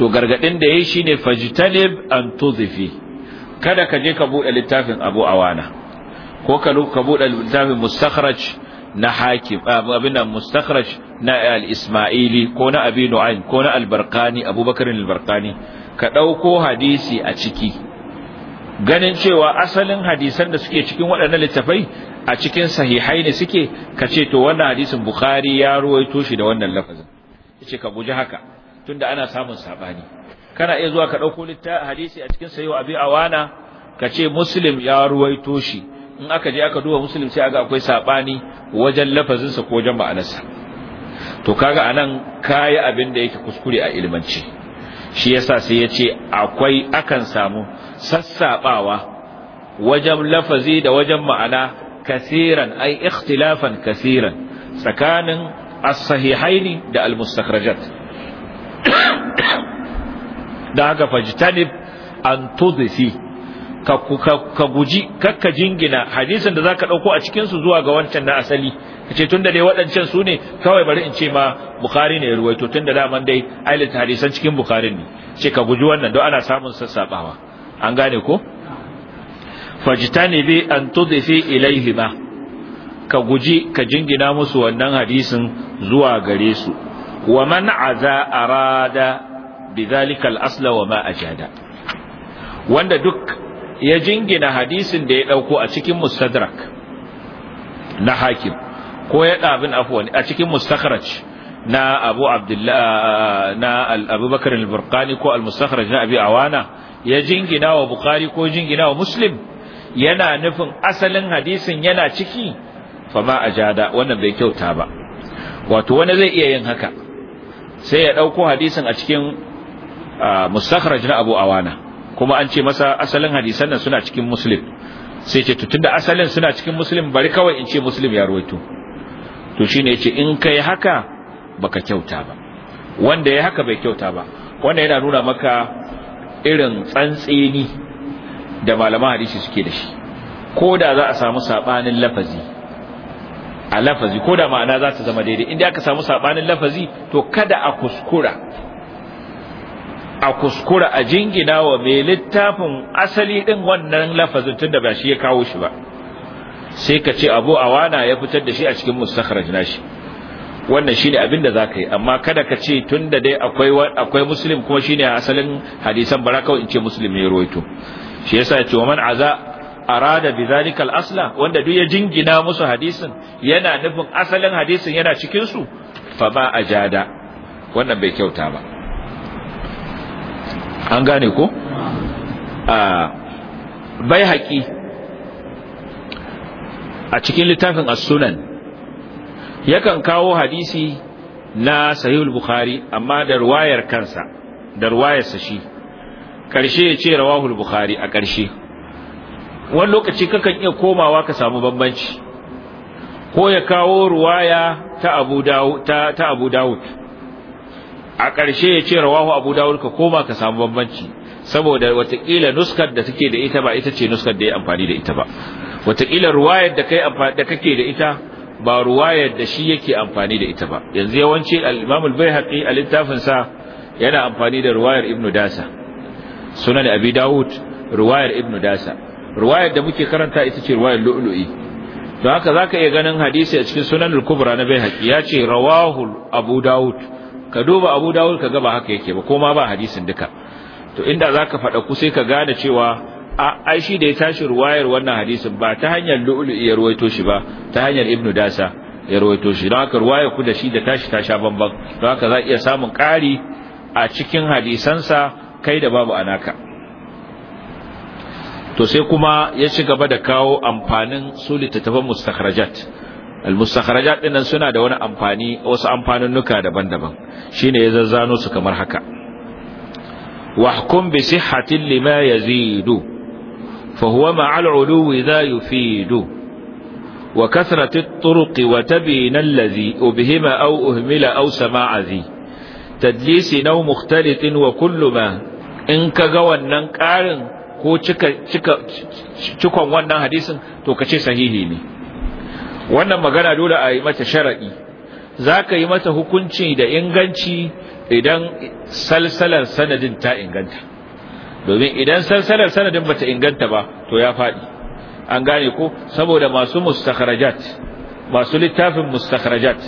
S1: to gargadin da yayi shine Fajitali an tudhifi kada ka je ka buɗe littafin Abu Awana ko ka ka bude littafin mustakhraj na hakim abin mustakhraj na al-ismaili ko na abi nu'aym ko na al-barqani abubakar al-barqani ka dauko hadisi a ciki ganin cewa asalin hadisan da suke cikin waɗannan littafai a cikin sahihai ne suke ka ce to wannan hadisin bukhari ya ruwaito shi da wannan lafazin yace ka guji haka tunda ana samun sabani kana iya zuwa ka dauko hadisi a cikin sahih abi awana ka ce muslim ya ruwaito shi in aka je aka duba muslim sai aga akwai sabani wajen lafazinsa ko wajen ma'anarsa to kaga anan kayi abin da yake kuskure a ilmanci shi yasa sai ya ce akwai akan samu sassabawa wajen lafazi da wajen ma'ana kasiran ai ikhtilafan kasiran tsakanin as-sahihaini da al-mustakhrajat da haka fajtanib an tudisi ka guji kakka jingina hadisin da zaka dauko a cikin su zuwa ga wancan na asali kace tunda dai waɗancan su ne kawai bari in ce ma bukhari ne ya ruwaito tunda daman dai ailin hadisan cikin bukhari ne ce ka guji wannan don ana samun sassabawa an gane ko fajtani bi an ilaihi ba. ka guji ka jingina musu wannan hadisin zuwa gare su wa man aza arada bidhalika al-asla wa ma ajada wanda duk ya jingina hadisin da ya dauko a cikin mustadrak na hakim ko ya ɗabin afuwan a cikin mustakhraj na abu abdullahi na abubakar al-burqani ko al-mustakhraj na abi awana ya jingina wa bukhari ko jingina wa muslim yana nufin asalin hadisin yana ciki fama ajada wannan bai kyauta ba wato wani zai iya yin haka sai ya ɗauko hadisin a cikin mustakhraj na abu awana kuma an ce masa asalin hadisan nan suna cikin muslim sai ce tutun da asalin suna cikin muslim bari kawai in ce muslim ya ruwaito to shine yace in kai haka baka kyauta ba wanda ya haka bai kyauta ba wanda yana nuna maka irin tsantseni da malaman hadisi suke da shi ko da za a samu sabanin lafazi a lafazi ko da ma'ana za ta zama daidai inda aka samu sabanin lafazi to kada a kuskura a kuskura a jingina wa mai littafin asali din wannan lafazin tunda ba shi ya kawo shi ba sai ka ce abu awana ya fitar da shi a cikin mustakharaj nashi wannan shine abin da zaka yi amma kada ka ce tunda dai akwai akwai muslim kuma shine asalin hadisan bara in ce muslim ne ruwaito shi yasa ce man aza arada bidhalika al-asla wanda duk ya jingina musu hadisin yana nufin asalin hadisin yana cikin su fa ba ajada wannan bai kyauta ba an gane ko a ah, bai haƙi a cikin littafin as-sunan yakan kawo hadisi na sahihul bukhari amma da ruwayar kansa da ruwayar sa shi karshe ya ce rawahul bukhari a karshe wani lokaci kakan iya komawa ka samu bambanci ko ya kawo ruwaya ta abu dawud ta, ta abu dawud a ƙarshe ya ce rawahu abu dawud ka koma ka samu bambanci saboda watakila nuskar da take da ita ba ita ce nuskar da ya amfani da ita ba wataƙila ruwayar da kai da kake da ita ba ruwayar da shi yake amfani da ita ba yanzu yawanci al-Imam al-Baihaqi a littafin sa yana amfani da ruwayar Ibn Dasa sunan Abi Dawud ruwayar Ibn Dasa ruwayar da muke karanta ita ce ruwayar Lu'lu'i don haka zaka iya ganin hadisi a cikin sunan al-Kubra na Baihaqi ya ce rawahu Abu Dawud ka duba Abu Dawud ka ga ba haka yake ba ko ba hadisin duka to inda zaka faɗa ku sai ka gane cewa ai shi da ya tashi ruwayar wannan hadisin ba ta hanyar lu'lu'i ya ruwaito shi ba ta hanyar ibnu dasa ya ruwaito shi don haka ruwayar ku da shi da tashi ta sha bamban don haka za iya samun ƙari a cikin hadisansa kai da babu anaka to sai kuma ya ci gaba da kawo amfanin su littattafan mustakhrajat al-mustakhrajat dinnan suna da wani amfani wasu amfanunnuka daban-daban shine ya zazzano su kamar haka wahkum bi sihhatin lima فهو مع العلو ذا يفيد وكثرة الطرق وتبين الذي أبهم أو أهمل أو سماع ذي تدليس نو مختلط وكل ما إن كغوى النقار ko cika cika cikon wannan hadisin to kace sahihi ne wannan magana dole a yi mata sharadi zaka yi mata hukunci da inganci idan salsalar sanadin ta inganta domin idan sarsalar sanadin bata inganta ba to ya faɗi an gane ko saboda masu mustakharajat masu littafin mustakharajat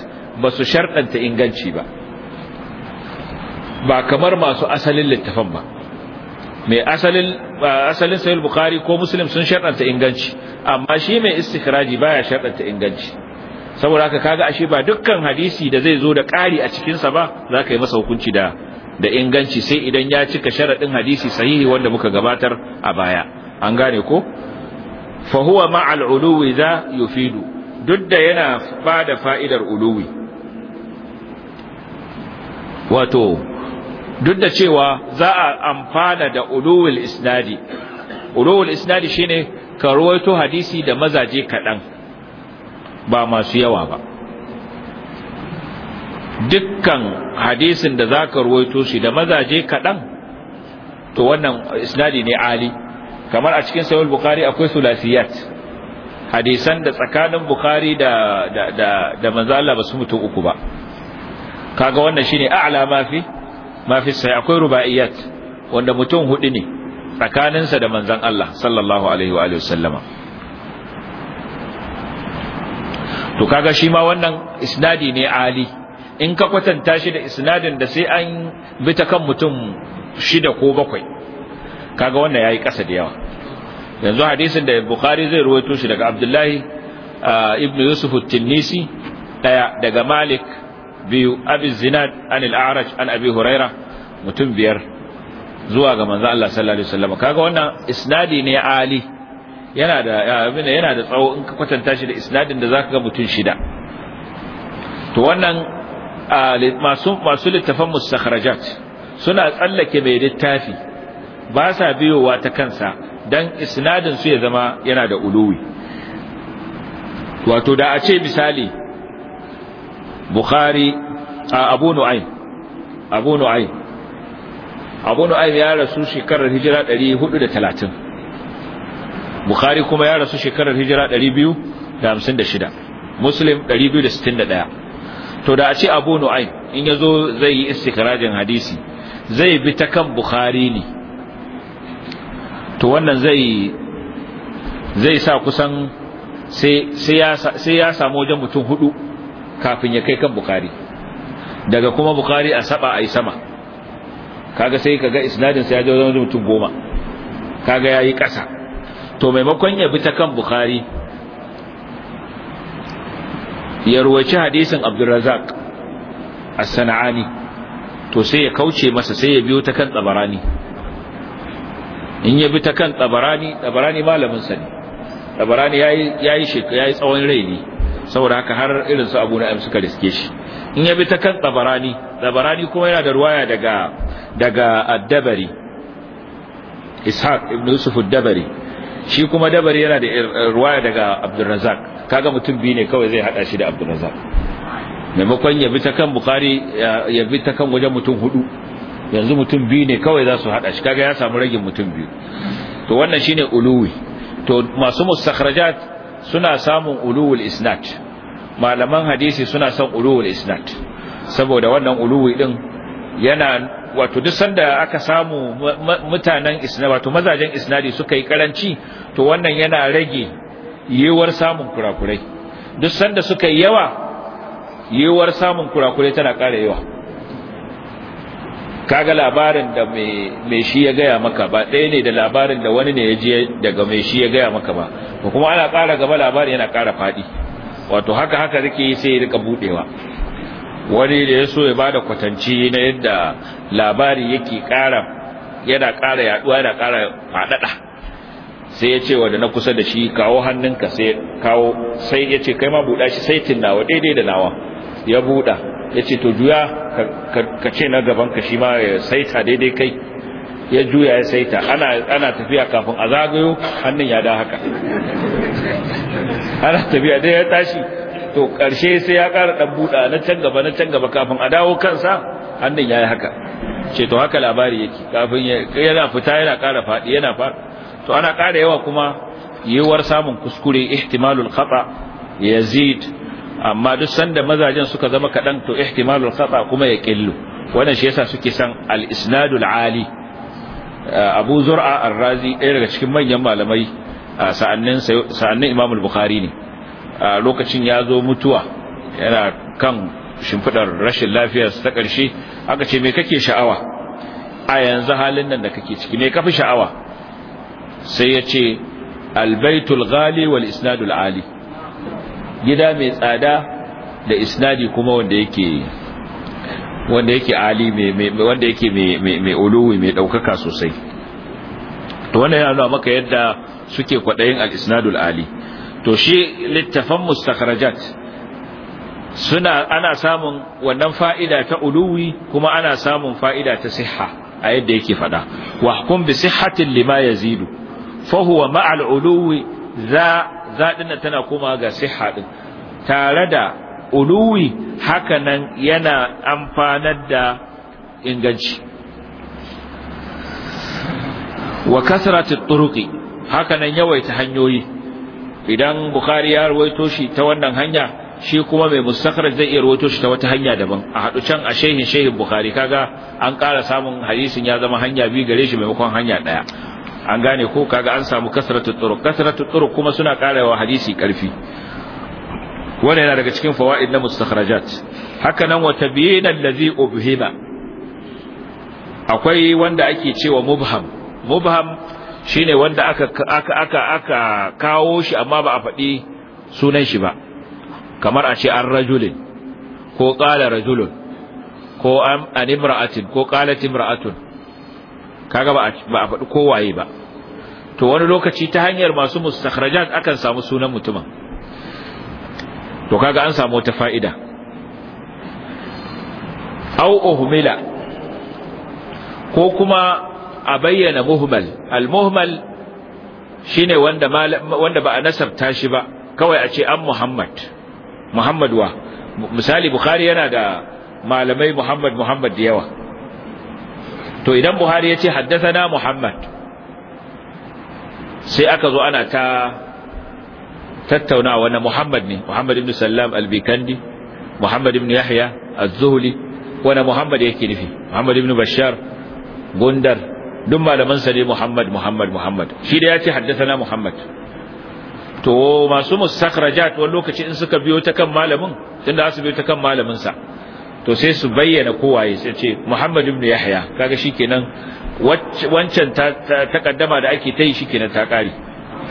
S1: ba su sharɗanta inganci ba ba kamar masu asalin littafan ba mai asalin asalin sahih bukhari ko muslim sun sharɗanta inganci amma shi mai istikhraji baya sharɗanta inganci saboda haka kaga ashe ba dukkan hadisi da zai zo da ƙari a cikin sa ba zaka yi masa hukunci da da inganci sai idan ya cika sharaɗin hadisi sahihi wanda muka gabatar a baya an gane ko fa huwa ma'al uluwi za yufidu duk da yana bada fa'idar uluwi wato duk da cewa za a amfana da uluwul isnadi uluwul isnadi shine ka hadisi da mazaje kaɗan ba masu yawa ba dukkan hadisin da za ka ruwaito shi da mazaje kaɗan to wannan isnadi ne ali kamar a cikin sahih bukhari akwai sulasiyat hadisan da tsakanin bukhari da da da, da manzo ba su mutu uku ba kaga wannan shine a'la ma fi ma fi sai akwai rubaiyat wanda mutum hudu ne tsakaninsa da manzon Allah sallallahu alaihi wa alihi wasallama to kaga shi ma wannan isnadi ne ali in ka kwatanta shi da isnadin da sai an bi ta kan mutum shida ko bakwai kaga wannan yayi kasa da yawa yanzu hadisin da bukhari zai ruwaito shi daga abdullahi ibnu yusuf at-tinnisi daya daga malik biyu abi zinad an al-a'raj an abi huraira mutum biyar zuwa ga manzo Allah sallallahu alaihi wasallam kaga wannan isnadi ne ali yana da yana da tsawo in ka kwatanta shi da isnadin da zaka ga mutum shida to wannan masu masu littafan mustakhrajat suna tsallake mai littafi ba sa biyowa ta kansa dan isnadin su ya zama yana da uluwi wato da a ce misali bukhari a abu nu'aym abu nu'aym abu nu'aym ya rasu shekarar hijira 430 bukhari kuma ya rasu shekarar hijira 256 muslim 261 to da a ce abu nu'aim in ya zo zai yi istikrajin hadisi zai bi ta kan bukhari ne to wannan zai zai sa kusan sai ya samu wajen mutum hudu kafin ya kai kan bukhari daga kuma bukhari a saba a yi sama kaga sai kaga isnadin sai ya je wajen mutum goma kaga ya yi ƙasa to maimakon ya bi ta kan bukhari ya ruwaci hadisin abdurrazak as-sana'ani to sai ya kauce masa sai ya biyo ta kan tsabarani in ya bi ta kan tsabarani tsabarani malamin sa ne tsabarani yayi ya yayi tsawon rai ne saboda haka har irin su Abu am suka riske shi in ya bi ta kan tsabarani tsabarani kuma yana da ruwaya daga daga ad-Dabari Ishaq ibn Yusuf ad-Dabari shi kuma dabar yana da er, ruwaya daga abdurrazak kaga mutum biyu ne kawai zai hada shi da abdurrazak maimakon ya bi ta kan bukari ya bi ta kan wajen mutum hudu yanzu mutum biyu ne kawai za su hada shi kaga ya samu ragin mutum biyu to wannan shine uluwi to masu mustakhrajat suna samun uluwul isnad malaman hadisi suna son uluwul isnad saboda wannan uluwi din yana wato duk sanda aka samu mutanen isna wato mazajen isnadi suka yi karanci to wannan yana rage yiwuwar samun kurakurai duk sanda suka yi yawa yiwuwar samun kurakurai tana ƙara yawa kaga labarin da mai shi ya gaya maka ba ɗaya ne da labarin da wani ne ya je daga mai shi ya gaya maka ba kuma ana ƙara gaba labarin yana ƙara faɗi wato haka haka rike sai ya rika buɗewa wani da ya so ya bada kwatanci na yadda labari yake kara yana ƙara yaduwa yana ƙara faɗaɗa sai ya ce wanda na kusa da shi kawo hannunka sai kawo sai ya ce kai ma buɗa shi saitin nawa daidai da nawa ya buɗa ya ce to juya ka ce na gaban ka shi ma ya saita daidai kai ya juya ya saita ana ana tafiya kafin a zagayo hannun ya da haka ana tafiya dai ya tashi to ƙarshe sai ya ƙara ɗan buɗa na can gaba na can gaba kafin a dawo kansa hannun ya yi haka ce to haka labari yake kafin yana fita yana ƙara faɗi yana faɗi to ana ƙara yawa kuma yiwuwar samun kuskure ihtimalul khata yazid amma duk sanda mazajen suka zama kaɗan to ihtimalul khata kuma ya ƙillu wannan shi yasa suke san al-isnadul ali eh, abu zur'a ar-razi ɗaya daga cikin manyan malamai eh, sa'annin sa'annin imamul bukhari ne a lokacin ya zo mutuwa yana kan shimfidar rashin su ta ƙarshe aka ce me kake sha'awa a yanzu halin nan da kake ciki me kafi sha'awa sai ya ce albaitul ghali wal isnadul ali gida mai tsada da isnadi kuma wanda yake wanda yake ali mai wanda yake mai mai uluwi mai daukaka sosai to wannan yana nuna maka yadda suke kwadayin al isnadul ali to shi littafan mustakharajat suna ana samun wannan fa'ida ta uluwi kuma ana samun fa'ida ta sihha a yadda yake fada wa hukum bi sihhati lima yazidu fa huwa ma'a al-uluwi za za dinna tana koma ga sihha din tare da uluwi hakanan yana amfanar da inganci wa kasratu turuqi hakanan yawaita hanyoyi idan bukhari ya rawaito shi ta wannan hanya shi kuma mai mustakhraj zai iya rawaito shi ta wata hanya daban a hadu can a shehin shehin bukhari kaga an kara samun hadisin ya zama hanya biyu gare shi maimakon hanya ɗaya an gane ko kaga an samu kasratu turuq kasratu turuq kuma suna wa hadisi karfi wannan yana daga cikin fawaid na mustakhrajat haka nan wa tabyin allazi ubhima akwai wanda ake cewa mubham mubham shine wanda aka aka aka aka kawo shi amma ba a faɗi sunan shi ba kamar a ce an rajulin ko qala rajulun ko an imra'atin ko qalat imra'atun kaga ba ba a faɗi kowaye ba to wani lokaci ta hanyar masu mustakhrajat akan samu sunan mutumin to kaga an samu wata fa'ida au uhmila ko kuma a bayyana muhmal al-muhmal shine wanda wanda ba a nasabta shi ba kawai a ce an Muhammad Muhammad wa misali Bukhari yana da malamai Muhammad Muhammad da yawa to idan Buhari ce haddathana Muhammad sai aka zo ana ta tattaunawa na Muhammad ne Muhammad ibn Sallam al-Bikandi Muhammad ibn Yahya az-Zuhli wani Muhammad yake nufi Muhammad ibn Bashar Gundar duk malaman sa ne Muhammad Muhammad Muhammad shi da ya ce haddathana Muhammad to masu mustakhrajat wani lokaci in suka biyo ta kan malamin tunda su biyo ta kan malamin sa to sai su bayyana kowaye sai ce Muhammad ibn Yahya kaga shikenan wancan ta takaddama da ake ta yi shikenan ta kare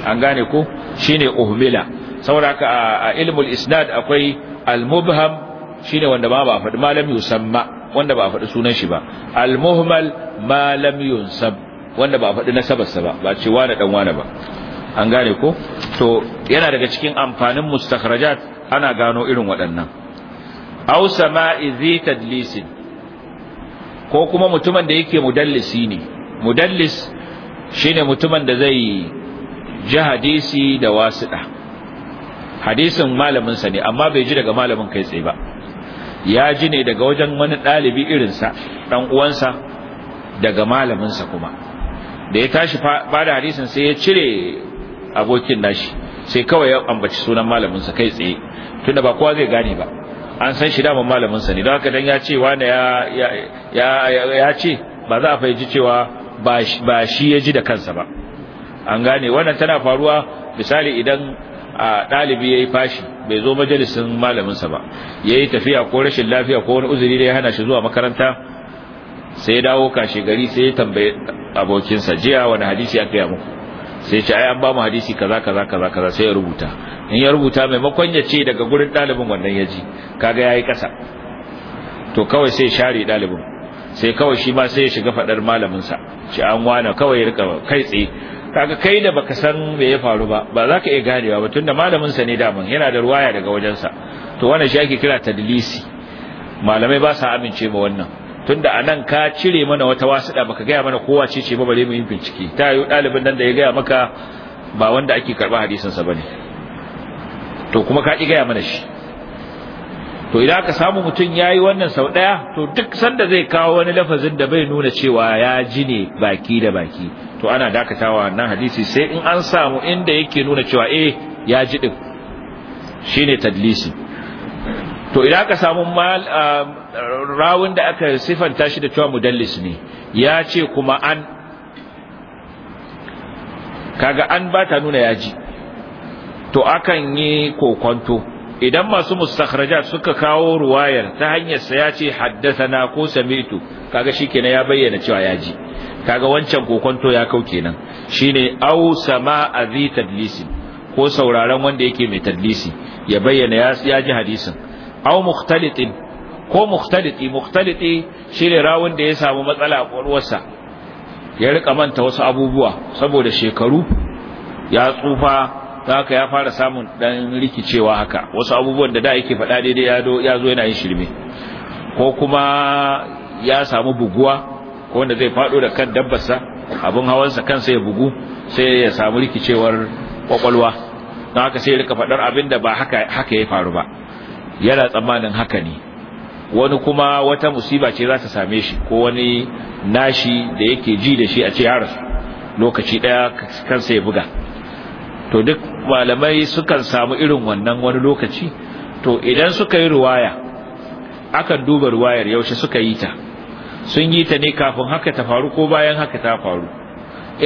S1: an gane ko shine uhmila saboda haka a ilmul isnad akwai al-mubham shine wanda ba ba faɗi malam yusamma wanda ba faɗi sunan shi ba al muhmal malam yunsab wanda ba faɗi nasabarsa ba ba ce wani dan wani ba an gane ko to yana daga cikin amfanin mustakhrajat ana gano irin waɗannan aw sama'i zi tadlisin ko kuma mutumin da yake mudallisi ne mudallis shine mutumin da zai ji hadisi da wasiɗa hadisin malamin sa ne amma bai ji daga malamin kai tsaye ba ya ji ne daga wajen wani ɗalibi irinsa ɗan uwansa daga malaminsa kuma da ya tashi ba da hadisin sai ya cire abokin nashi sai kawai ya ambaci sunan malaminsa kai tsaye tunda ba kowa zai gane ba an san shi malamin malaminsa ne don haka dan ya ce wani ya ce ba za a fahimci cewa ba shi ya ji da kansa ba an gane wannan tana faruwa misali idan a ɗalibi ya yi fashi bai zo majalisin malaminsa ba ya yi tafiya ko rashin lafiya ko wani uzuri da ya hana shi zuwa makaranta sai ya dawo kashe gari sai ya tambaye abokinsa jiya wani hadisi aka yi muku sai ce ai an ba mu hadisi kaza kaza kaza kaza sai ya rubuta in ya rubuta maimakon ya ce daga gurin ɗalibin wannan ya ji kaga ya yi ƙasa to kawai sai share ɗalibin sai kawai shi ma sai ya shiga faɗar malaminsa ce an wana kawai ya rika kai tsaye kaga kai da baka san me ya faru ba ba za ka iya ganewa ba tunda malamin sa ne daman yana da ruwaya daga wajensa to wannan shi ake kira tadlisi malamai ba sa amince ba wannan tunda anan ka cire mana wata wasuɗa baka gaya mana kowa ce ce ba bare mu yin bincike ta yi ɗalibin nan da ya gaya maka ba wanda ake karɓa hadisin sa bane to kuma ka ki gaya mana shi to idan aka samu mutum yayi wannan sau ɗaya to duk sanda zai kawo wani lafazin da bai nuna cewa ya ji ne baki da baki to ana dakatawa wannan hadisi sai in an samu inda yake nuna cewa eh ya ji din shine tadlisi to idan aka samu mal ah, rawun da aka sifanta shi da cewa mudallis ne ya ce kuma an kaga an ba ta nuna ya ji to akan yi kokwanto idan masu mustakhrajat suka kawo ruwayar ta hanyar sa ya ce haddathana ko sami'tu kaga shikenan ya bayyana cewa ya ji kaga wancan kokonto ya kau kenan shine au sama azi tadlisi ko sauraron wanda yake mai tadlisi ya bayyana ya ya ji hadisin au mukhtalitin ko mukhtaliti mukhtaliti shine rawun da ya samu matsala a ya rika manta wasu abubuwa saboda shekaru ya tsufa don haka ya fara samun dan rikicewa haka wasu abubuwan da da yake faɗa daidai ya zo yana yin shirme ko kuma ya samu buguwa ko wanda zai faɗo da kan dabbarsa abin hawansa kansa ya bugu sai ya samu rikicewar kwakwalwa don haka sai ya rika faɗar abin da ba haka, haka ya faru ba yana tsammanin haka ne wani kuma wata musiba ce za ta same shi ko wani nashi da yake ji da shi a ce har lokaci ɗaya kansa ya buga to duk malamai sukan samu irin wannan wani lokaci to idan suka yi ruwaya akan duba ruwayar yaushe suka yi ta sun yi ta ne kafin haka ta faru ko bayan haka ta faru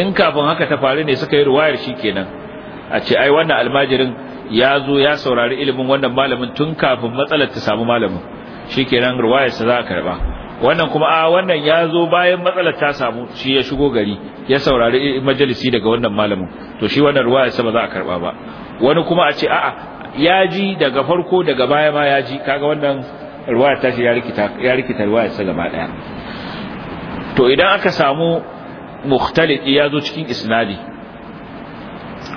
S1: in kafin haka ta faru ne suka yi ruwayar shikenan a ce ai wannan almajirin ya zo ya saurari ilimin wannan malamin tun kafin matsalar ta samu malamin shikenan ruwayar sa za a karba wannan kuma a wannan ya zo bayan matsalar ta samu shi ya shigo gari ya saurari eh, majalisi daga wannan malamin to shi wannan ruwa sa ba za a karba ba wani kuma a ce a'a ya ji daga farko daga baya ma ya ji kaga wannan ruwa ta shi ya rikita ya sa gaba daya to idan aka samu mukhtalif ya zo cikin isnadi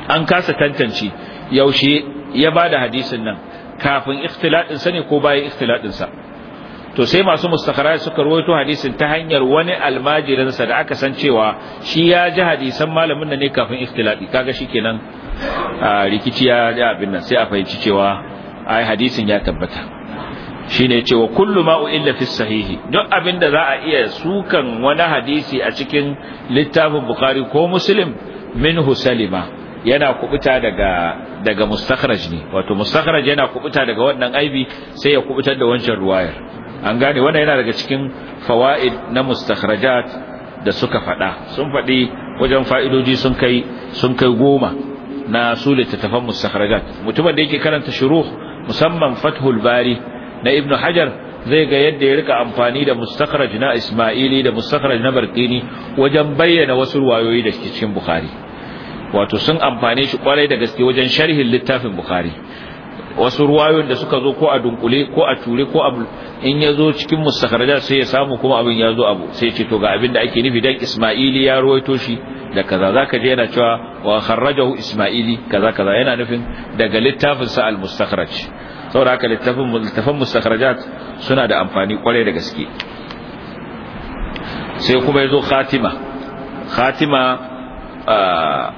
S1: an kasa tantance yaushe ya bada hadisin nan kafin ikhtilatin sa ne ko bayan ikhtilatin sa to sai masu mustakharai suka rawaito hadisin ta hanyar wani almajirinsa da aka san cewa shi ya ji hadisan malamin nan ne kafin ikhtilafi kaga shikenan rikici ya ji abin nan sai a fahimci cewa ai hadisin ya tabbata shine cewa kullu ma illa fi sahihi duk abin da za a iya sukan wani hadisi a cikin littafin bukhari ko muslim minhu salima yana kubuta daga daga mustakhraj ne wato mustakhraj yana kubuta daga wannan aibi sai ya kubutar da wancan ruwayar an gane wannan yana daga cikin fawaid na mustakhrajat da suka faɗa sun faɗi wajen fa'idoji sun kai sun kai goma na su littattafan mustakhrajat mutumin da yake karanta shuruh musamman fathul bari na ibnu hajar zai ga yadda ya rika amfani da mustakhraj na isma'ili da mustakhraj na barkini wajen bayyana wasu ruwayoyi da cikin bukhari wato sun amfane shi kwarai da gaske wajen sharhin littafin bukhari wasu ruwayoyin da suka zo ko a dunkule ko a ture ko abu in ya zo cikin mustakharaja sai ya samu kuma abin ya zo abu sai ce to ga abin da ake nufi dan Isma'ili ya ruwaito shi da kaza zaka je yana cewa wa kharrajahu Isma'ili kaza kaza yana nufin daga littafin sa al-mustakhraj saboda haka littafin littafin mustakharajat suna da amfani kwarai da gaske sai kuma yazo khatima khatima ah,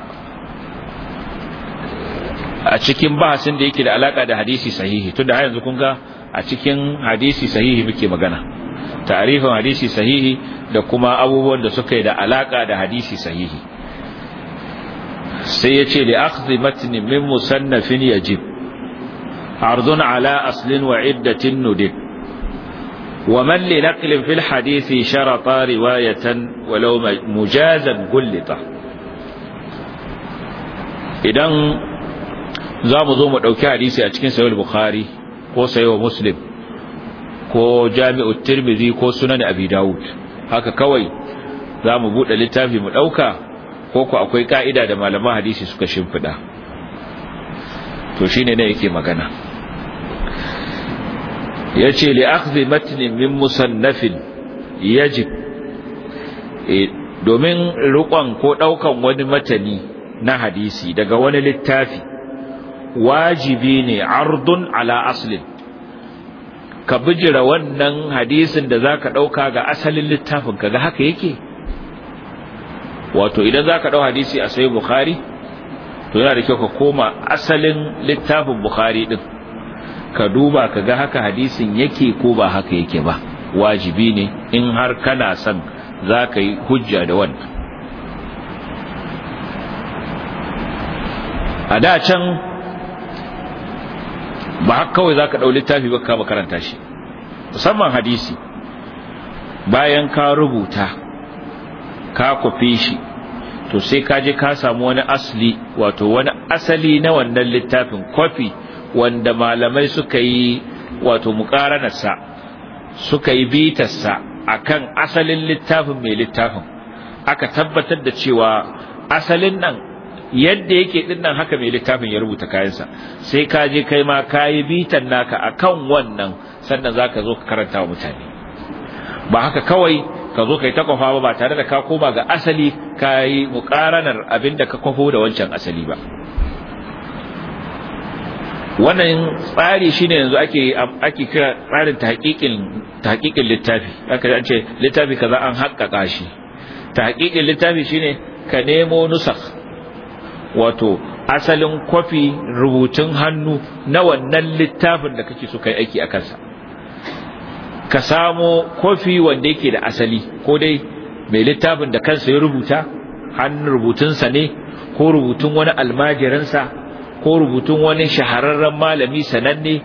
S1: a cikin bahasin da yake da alaka da hadisi sahihi tunda har yanzu kun ga a cikin hadisi sahihi muke magana tarifin hadisi sahihi da kuma abubuwan da suka yi da alaka da hadisi sahihi sai ya ce da akhdhi matni min musannafin yajib wa على أصل وعدة ندب ومن لنقل في hadisi شرط riwayatan ولو مجازا gullita. Idan. za mu zo mu ɗauki hadisi a cikin sayar bukhari ko wa muslim ko jami'u tirmidhi ko sunan abi dawud haka kawai za mu buɗe littafi mu ɗauka ko ku akwai ƙa'ida da malaman hadisi suka shimfiɗa to shine ne yake magana ya ce li akhdhi matnin min musannafin yajib eh, domin rukon ko ɗaukan wani matani na hadisi daga wani littafi wajibi ne ardun ala aslin ka bijira wannan hadisin da ka dauka ga asalin littafin kaga haka yake wato idan zaka ɗau hadisi a sai bukhari to yana da kyau ka koma asalin littafin bukhari ɗin ka duba ka ga haka hadisin yake ko ba haka yake ba wajibi ne in har kana san za ka yi hujja da wannan a da can ba haka kawai za ka ɗau littafi ba ka karanta shi musamman hadisi bayan ka rubuta ka kofi shi to sai ka je ka samu wani asli wato wani asali na wannan littafin kwafi, wanda malamai suka yi wato muƙaranarsa suka yi bitarsa akan asalin littafin mai littafin aka tabbatar da cewa asalin nan yadda yake dinnan haka mai littafin ya rubuta kayansa sai ka je kai ma kayi bitan naka akan wannan sannan zaka zo ka karanta wa mutane ba haka kawai ka zo kai ta ba ba tare da ka koma ga asali kayi muqaranar abinda ka kwafo da wancan asali ba wannan tsari shine yanzu ake ake kira tsarin tahqiqin tahqiqin littafi aka ce littafi kaza an haƙƙaƙa shi tahqiqin littafi shine ka nemo nusakh wato asalin kwafi rubutun hannu na wannan littafin da kake so kai aiki a kansa ka samo kwafi wanda yake da asali ko dai mai littafin da kansa ya rubuta hannun rubutunsa ne ko rubutun wani almajiransa, ko rubutun wani shahararren malami sananne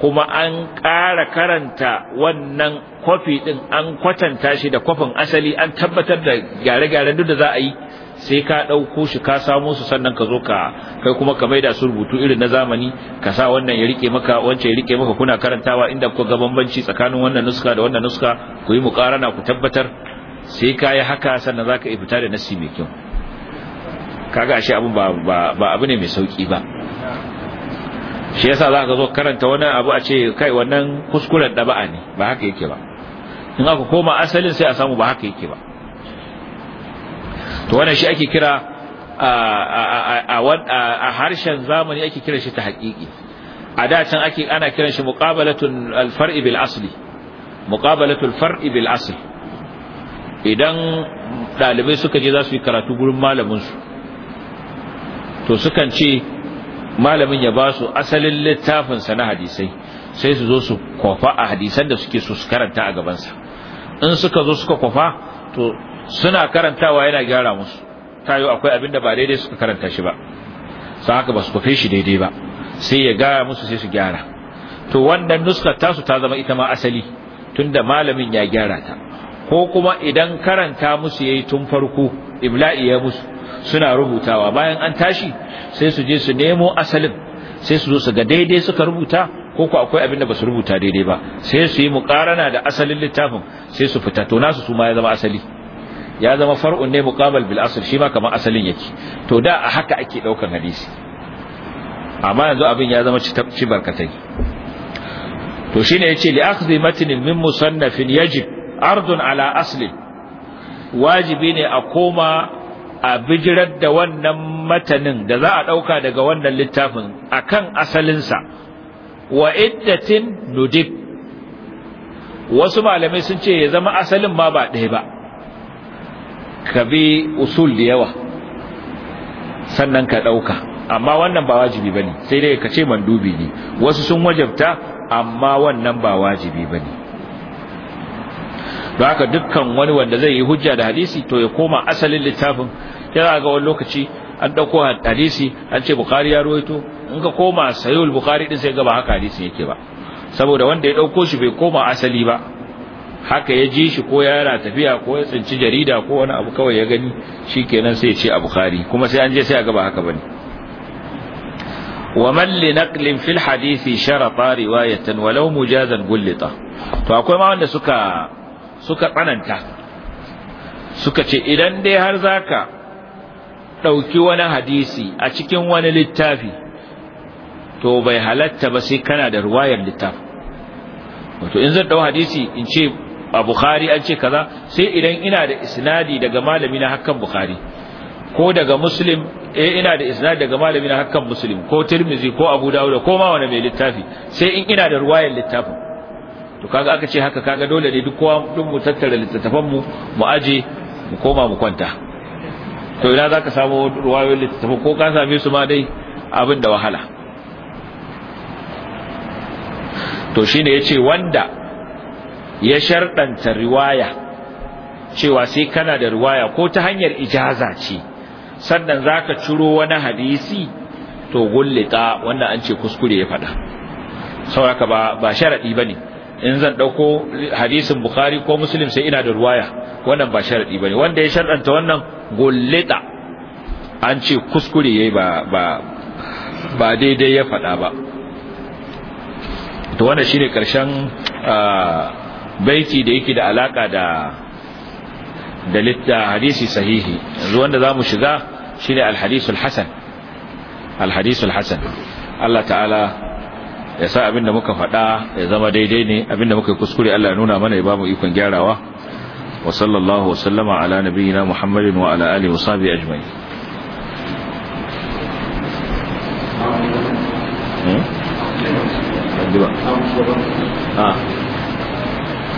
S1: kuma an ƙara karanta wannan kwafi ɗin an kwatanta shi da kwafin asali an tabbatar da gyare-gyaren duk da za a yi sai ka ɗauko shi ka samo su sannan ka zo ka kai kuma ka maida su rubutu irin na zamani ka sa wannan ya rike maka wancan ya rike maka kuna karantawa inda kuka ga bambanci tsakanin wannan nuska da wannan nuska ku yi muƙarana ku tabbatar sai ka yi haka sannan za ka yi fita da nasi mai kyau kaga ashe abin ba ba abu ne mai sauki ba shi yasa za ka zo karanta wani abu a ce kai wannan kuskuren ɗaba'a ne ba haka yake ba in aka koma asalin sai a samu ba haka yake ba to wannan shi ake kira a harshen zamani ake kiran shi ta haƙiƙi a da can ake ana kiran shi muqabalatul alfar'i bil asli muqabalatul far'i bil asli idan ɗalibai suka je za su yi karatu gurin malaminsu to sukan ce malamin ya ba su asalin littafinsa na hadisai sai su zo su kwafa a hadisan da suke so su karanta a gabansa in suka zo suka kwafa to suna karantawa yana gyara musu tayo akwai abin da ba daidai suka karanta shi ba sai haka ba su kufe shi daidai ba sai ya gaya musu sai su gyara to wannan nuskar tasu ta zama ita ma asali tunda malamin ya gyara ta ko kuma idan karanta musu yayi tun farko ibla'i ya musu suna rubutawa bayan an tashi sai su je su nemo asalin sai su zo su ga daidai suka rubuta ko ko akwai abin da su rubuta daidai ba sai su yi muƙarana da asalin littafin sai su fita to nasu su ma ya zama asali ya zama far'un ne muqabal bil asl shi ma kamar asalin yake to da a haka ake daukan hadisi amma yanzu abin ya zama ci barkatai to shine yace li akhdhi matnin min musannafin yajib ardun ala asli wajibi ne a koma a bijirar da wannan matanin da za a dauka daga wannan littafin akan asalinsa wa iddatin nudib wasu malamai sun ce ya zama asalin ma ba ɗaya ba ka bi usul da yawa sannan ka ɗauka amma wannan ba wajibi ba ne sai dai ka ce mandubi ne wasu sun wajabta amma wannan ba wajibi ba ne don haka dukkan wani wanda zai yi hujja da hadisi to ya koma asalin littafin yana ga wani lokaci an ɗauko hadisi an ce bukari ya ruwaito in ka koma sayul bukari din sai gaba haka hadisi yake ba saboda wanda ya ɗauko shi bai koma asali ba haka ya ji shi ko ya yana tafiya ko ya tsinci jarida ko wani abu kawai ya gani shikenan sai ya ce a bukhari kuma sai an je sai a gaba haka bane wa man li naqlin fil hadisi sharata riwayatan walau mujazan gullita to akwai ma wanda suka suka tsananta suka ce idan dai har zaka dauki wani hadisi a cikin wani littafi to bai halatta ba sai kana da riwayar littafi to in zan dau hadisi in ce a bukhari an ce kaza sai idan ina da isnadi daga malami na hakan bukhari ko daga muslim eh ina da isnadi daga malami na hakan muslim ko tirmizi ko abu dawud ko ma wani mai littafi sai in ina da ruwayar littafin to kaga aka ce haka kaga dole ne duk kowa duk mu tattara littattafan mu mu aje mu koma mu kwanta to ina zaka samu ruwayoyin littattafan ko ka same su ma dai abin da wahala to shine yace wanda ya sharɗanta riwaya cewa sai kana da riwaya ko ta hanyar ijaza ce sannan za ka ciro wani hadisi to gullita wannan an ce kuskure ya faɗa sauraka ba ba sharadi bane in zan dauko hadisin bukhari ko muslim sai ina da ruwaya wannan ba sharadi bane wanda ya sharɗanta wannan gullita an ce kuskure yayi ba ba ba daidai ya faɗa ba to wannan shine karshen ah, baiti da yake da alaka da da hadisi sahihi yanzu wanda zamu shiga shine alhadisul hasan alhadisul hasan Allah ta'ala ya sa abinda muka faɗa ya zama daidai ne abinda muka kuskure Allah ya nuna mana ya mu ikon gyarawa wa sallallahu wa sallama ala Muhammadin wa ala alihi wa sahbihi ajma'in
S2: hmm? hmm?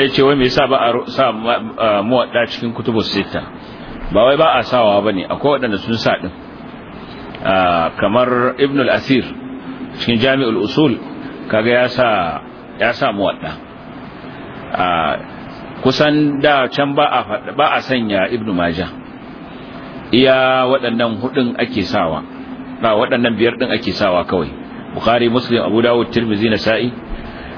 S1: ya ce wai me yasa ba a sa muwadda cikin kutubus sita ba wai ba a sawa bane akwai wadanda sun sa din kamar ibn al-asir cikin jami'ul usul kaga ya sa ya sa kusan da can ba a sanya ibn Maja iya waɗannan hudun ake sawa ba waɗannan biyar din ake sawa kawai bukhari muslim abu dawud tirmidhi nasa'i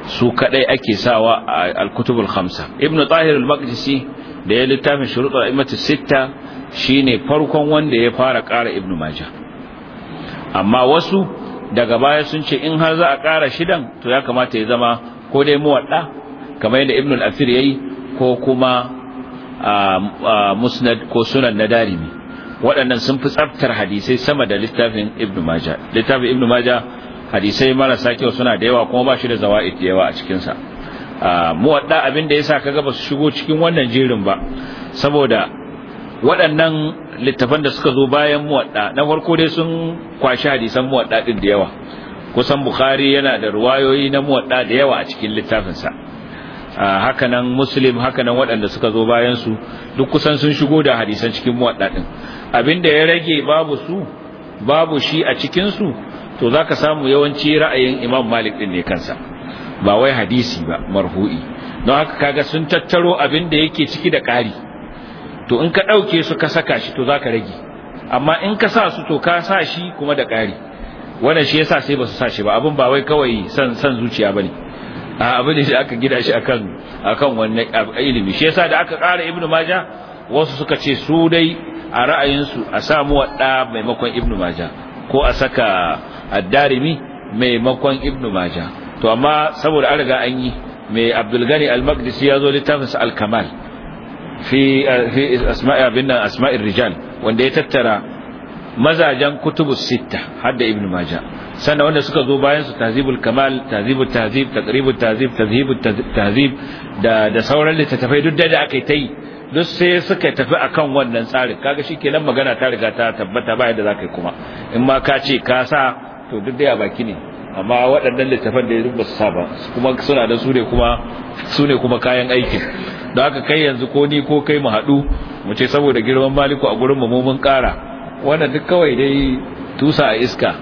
S1: su kadai ake sawa a alkutubul khamsa ibn tahir al-maqdisi da ya littafin shurutul a'immatu sitta shine farkon wanda ya fara ƙara ibn majah amma wasu daga baya sun ce in har za a ƙara shidan to ya kamata ya zama ko dai muwadda kamar yadda ibn al-athir yayi ko kuma musnad ko sunan na darimi waɗannan sun fi tsaftar hadisai sama da littafin ibn majah littafin ibn majah hadisai marasa kyau suna da yawa kuma ba shi da zawa'id da yawa a cikinsa muwadda abin da yasa kaga ba su shigo cikin wannan jerin ba saboda waɗannan littafan da suka zo bayan muwadda na farko dai sun kwashi hadisan muwadda din da yawa kusan bukhari yana da ruwayoyi na muwadda da yawa a cikin littafinsa hakanan muslim hakanan waɗanda suka zo bayan su duk kusan sun shigo da hadisan cikin muwadda din abin da ya rage babu su babu shi a cikinsu. su to za ka samu yawanci ra'ayin imam malik ɗin ne kansa ba wai hadisi ba marhu'i don haka kaga sun tattaro abin da yake ciki da ƙari to in ka ɗauke su ka saka shi to za ka rage amma in ka sa su to ka sa shi kuma da ƙari wannan shi yasa sai ba su sa shi ba abin ba wai kawai san san zuciya bane a abin da aka gida shi akan akan wannan ilimi shi yasa da aka ƙara ibnu maja wasu suka ce su dai a ra'ayinsu a samu ɗa maimakon ibnu maja ko a saka addarimi maimakon ibnu maja to amma saboda an riga an yi mai abdulgani al-maqdisi ya zo littafinsa al-kamal fi fi asma'i rijal wanda ya tattara mazajen kutubus sitta hadda ibnu maja sannan wanda suka zo bayan su Tazibul kamal Tazibul Tazib taqribut Tazib tahzibut Tazib da da sauran littattafai duk da aka ta yi duk sai suka tafi akan wannan tsarin kaga kenan magana ta riga ta tabbata ba yadda zaka yi kuma in ma ka ce ka sa to duk da ya baki ne amma waɗannan littafan da ba su sa kuma suna da su ne kuma su kuma kayan aiki don haka kai yanzu ko ni ko kai mu haɗu mu ce saboda girman maliku a gurin mu mun ƙara wannan duk kawai dai tusa a iska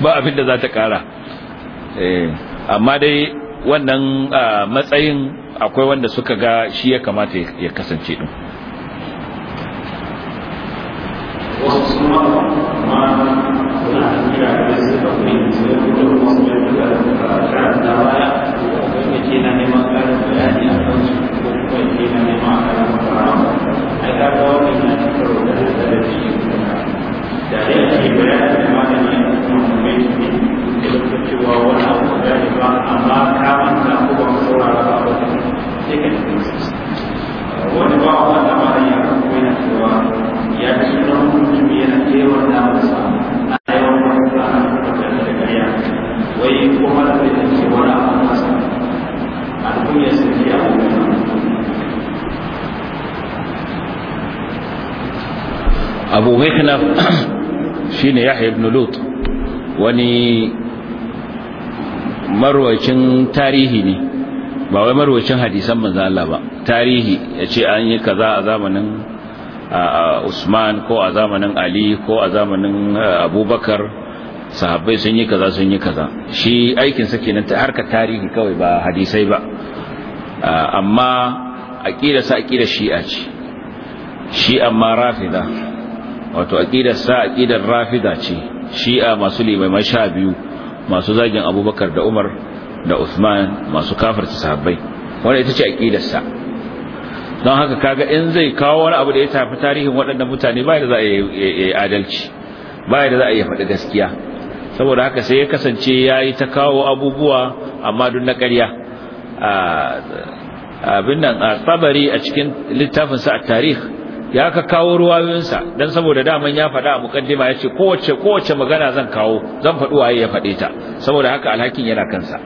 S1: ba abin da za ta ƙara eh, amma dai wannan ah, matsayin akwai wanda suka ga shi ya kamata ya kasance din shine yahya ibn lut wani marwacin tarihi ne ba wai marwacin hadisan manzo Allah ba tarihi yace an yi kaza a zamanin Usman ko a zamanin Ali ko a zamanin Abubakar sahabbai sun yi kaza sun yi kaza shi aikin sa kenan ta harka tarihi kawai ba hadisai ba amma aqida sa aqida shi'a ce shi amma rafida wato aqidar sa aqidar rafida ce shi'a masu limamai sha biyu masu zagin abubakar da umar da usman masu kafirta sahabbai wanda ita ce aqidar sa don haka kaga in zai kawo wani abu da ya tafi tarihin waɗannan mutane ba da za a yi adalci ba da za a yi faɗi gaskiya saboda haka sai ya kasance ya yi ta kawo abubuwa amma duk na ƙarya abin nan a tsabari a cikin littafinsa a tarihi ya ka kawo ruwayoyinsa dan saboda daman ya faɗa a mukaddima yace kowace kowace magana zan kawo zan faɗi waye ya faɗe ta saboda haka alhakin yana kansa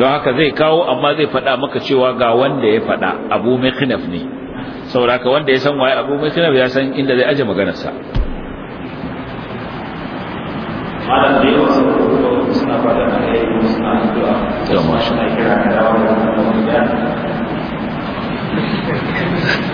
S1: don haka zai kawo amma zai faɗa maka cewa ga wanda ya faɗa Abu Mikhnaf ne saboda haka wanda ya san waye Abu Mikhnaf ya san inda zai aje maganar sa
S2: malam da yawa suna da suna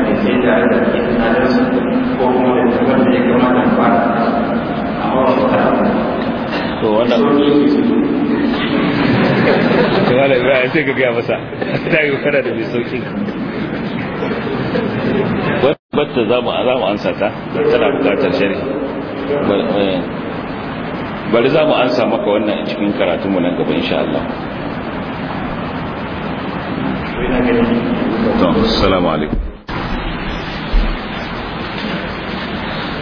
S2: tare da ke tsadar su ko kuma da tabar da ya kamata ba amma wasu ta
S1: to wanda to wanda ibrahim sai ka gaya masa ta yi kana da mai sauki wata za mu ansa ta tana bukatar sharhi bari za mu ansa maka wannan cikin karatunmu nan gaba insha Allah السلام عليكم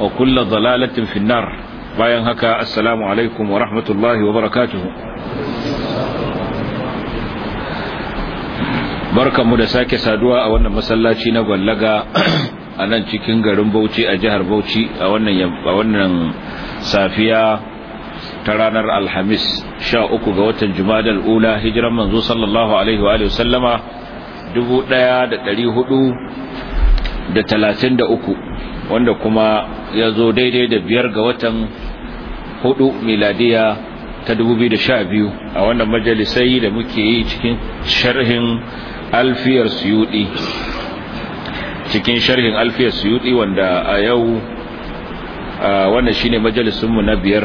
S1: wa kulla dalalatin finnar bayan haka assalamu alaikum wa rahmatullahi wa barakatuhu barkanmu da sake saduwa a wannan masallaci na gwallaga a nan cikin garin bauchi a jihar bauchi a wannan safiya ta ranar alhamis sha uku ga watan jumadal ula hijiran manzo sallallahu alaihi wa sallama dubu ɗaya da ɗari hudu da talatin da uku wanda kuma ya zo daidai da biyar ga watan hudu miladiya ta 2012 a wannan majalisai da muke yi cikin sharhin alfiyar suyudi cikin sharhin alfiyar suyudi wanda a yau wannan shine majalisunmu na biyar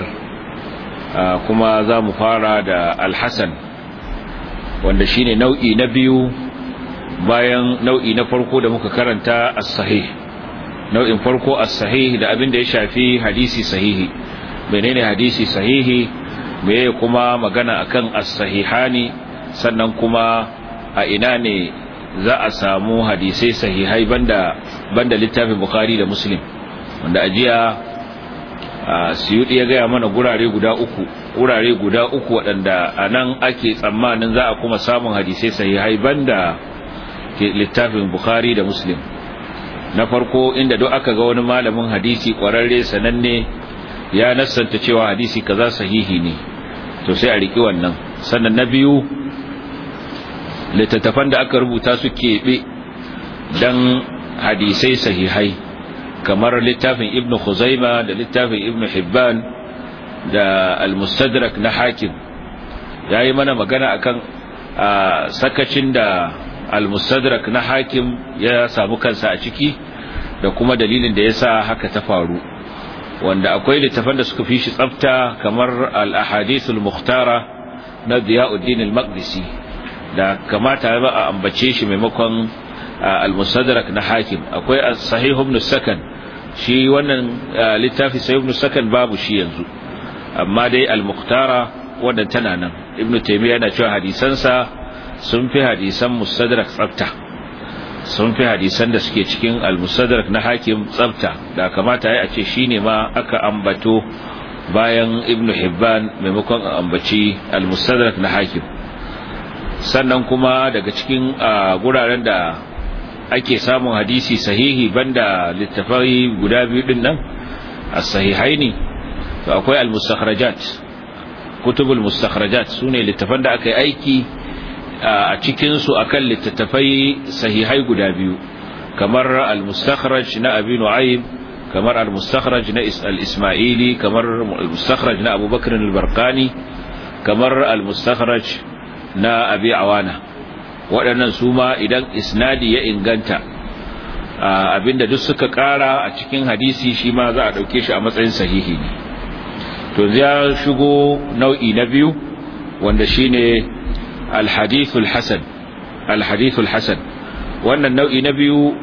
S1: kuma za mu fara da alhassan wanda shine nau'i na biyu bayan nau'i na farko da muka karanta a sahih nau'in farko a sahihi da abin da ya shafi hadisi sahihi menene hadisi sahihi meye kuma magana akan as-sahihani sannan kuma a ina ne za a samu hadisai sahihai banda banda littafin bukhari da muslim wanda ajiya suyudi ya gaya mana gurare guda uku gurare guda uku waɗanda a nan ake tsammanin za a kuma samun hadisai sahihai banda littafin bukhari da muslim na farko inda duk aka ga wani malamin hadisi kwararre sananne ya nassanta cewa hadisi kaza sahihi ne to sai a riki wannan sannan na biyu littattafan da aka rubuta su keɓe don hadisai sahihai kamar littafin ibn khuzaima da littafin ibn hibban da al-mustadrak na hakim ya yi mana magana akan sakacin da al-mustadrak na hakim ya samu kansa a ciki da kuma dalilin da yasa haka ta faru wanda akwai littafan da suka fi shi tsafta kamar al-ahadithul mukhtara na Diyauddin al-Maqdisi da kamata ba a ambace shi maimakon al-Mustadrak na Hakim akwai as-Sahih ibn Sakan shi wannan littafi Sahih ibn Sakan babu shi yanzu amma dai al-Mukhtara wannan tana nan Ibn Taymiyyah yana cewa hadisansa sun fi hadisan Mustadrak tsafta sun fi hadisan da suke cikin al na hakim tsabta da kamata ya ce shine ma aka ambato bayan ibnu hibban maimakon ambaci al na hakim sannan kuma daga cikin guraren da ake samun hadisi sahihi banda littafai guda biyu din nan a sahihaini to akwai al-mustakhrajat kutubul su sune littafan da aka yi aiki a cikinsu akan littattafai sahihai guda biyu kamar al-mustakhraj na abi nu'aym kamar al-mustakhraj na al-isma'ili kamar al-mustakhraj na abubakar al-barqani kamar al-mustakhraj na abi awana waɗannan su ma idan isnadi ya inganta abinda duk suka ƙara a cikin hadisi shi ma za a ɗauke shi a matsayin sahihi ne to ya shigo nau'i na biyu wanda shine alhadithul hasan alhadithul hasan wannan nau'i na biyu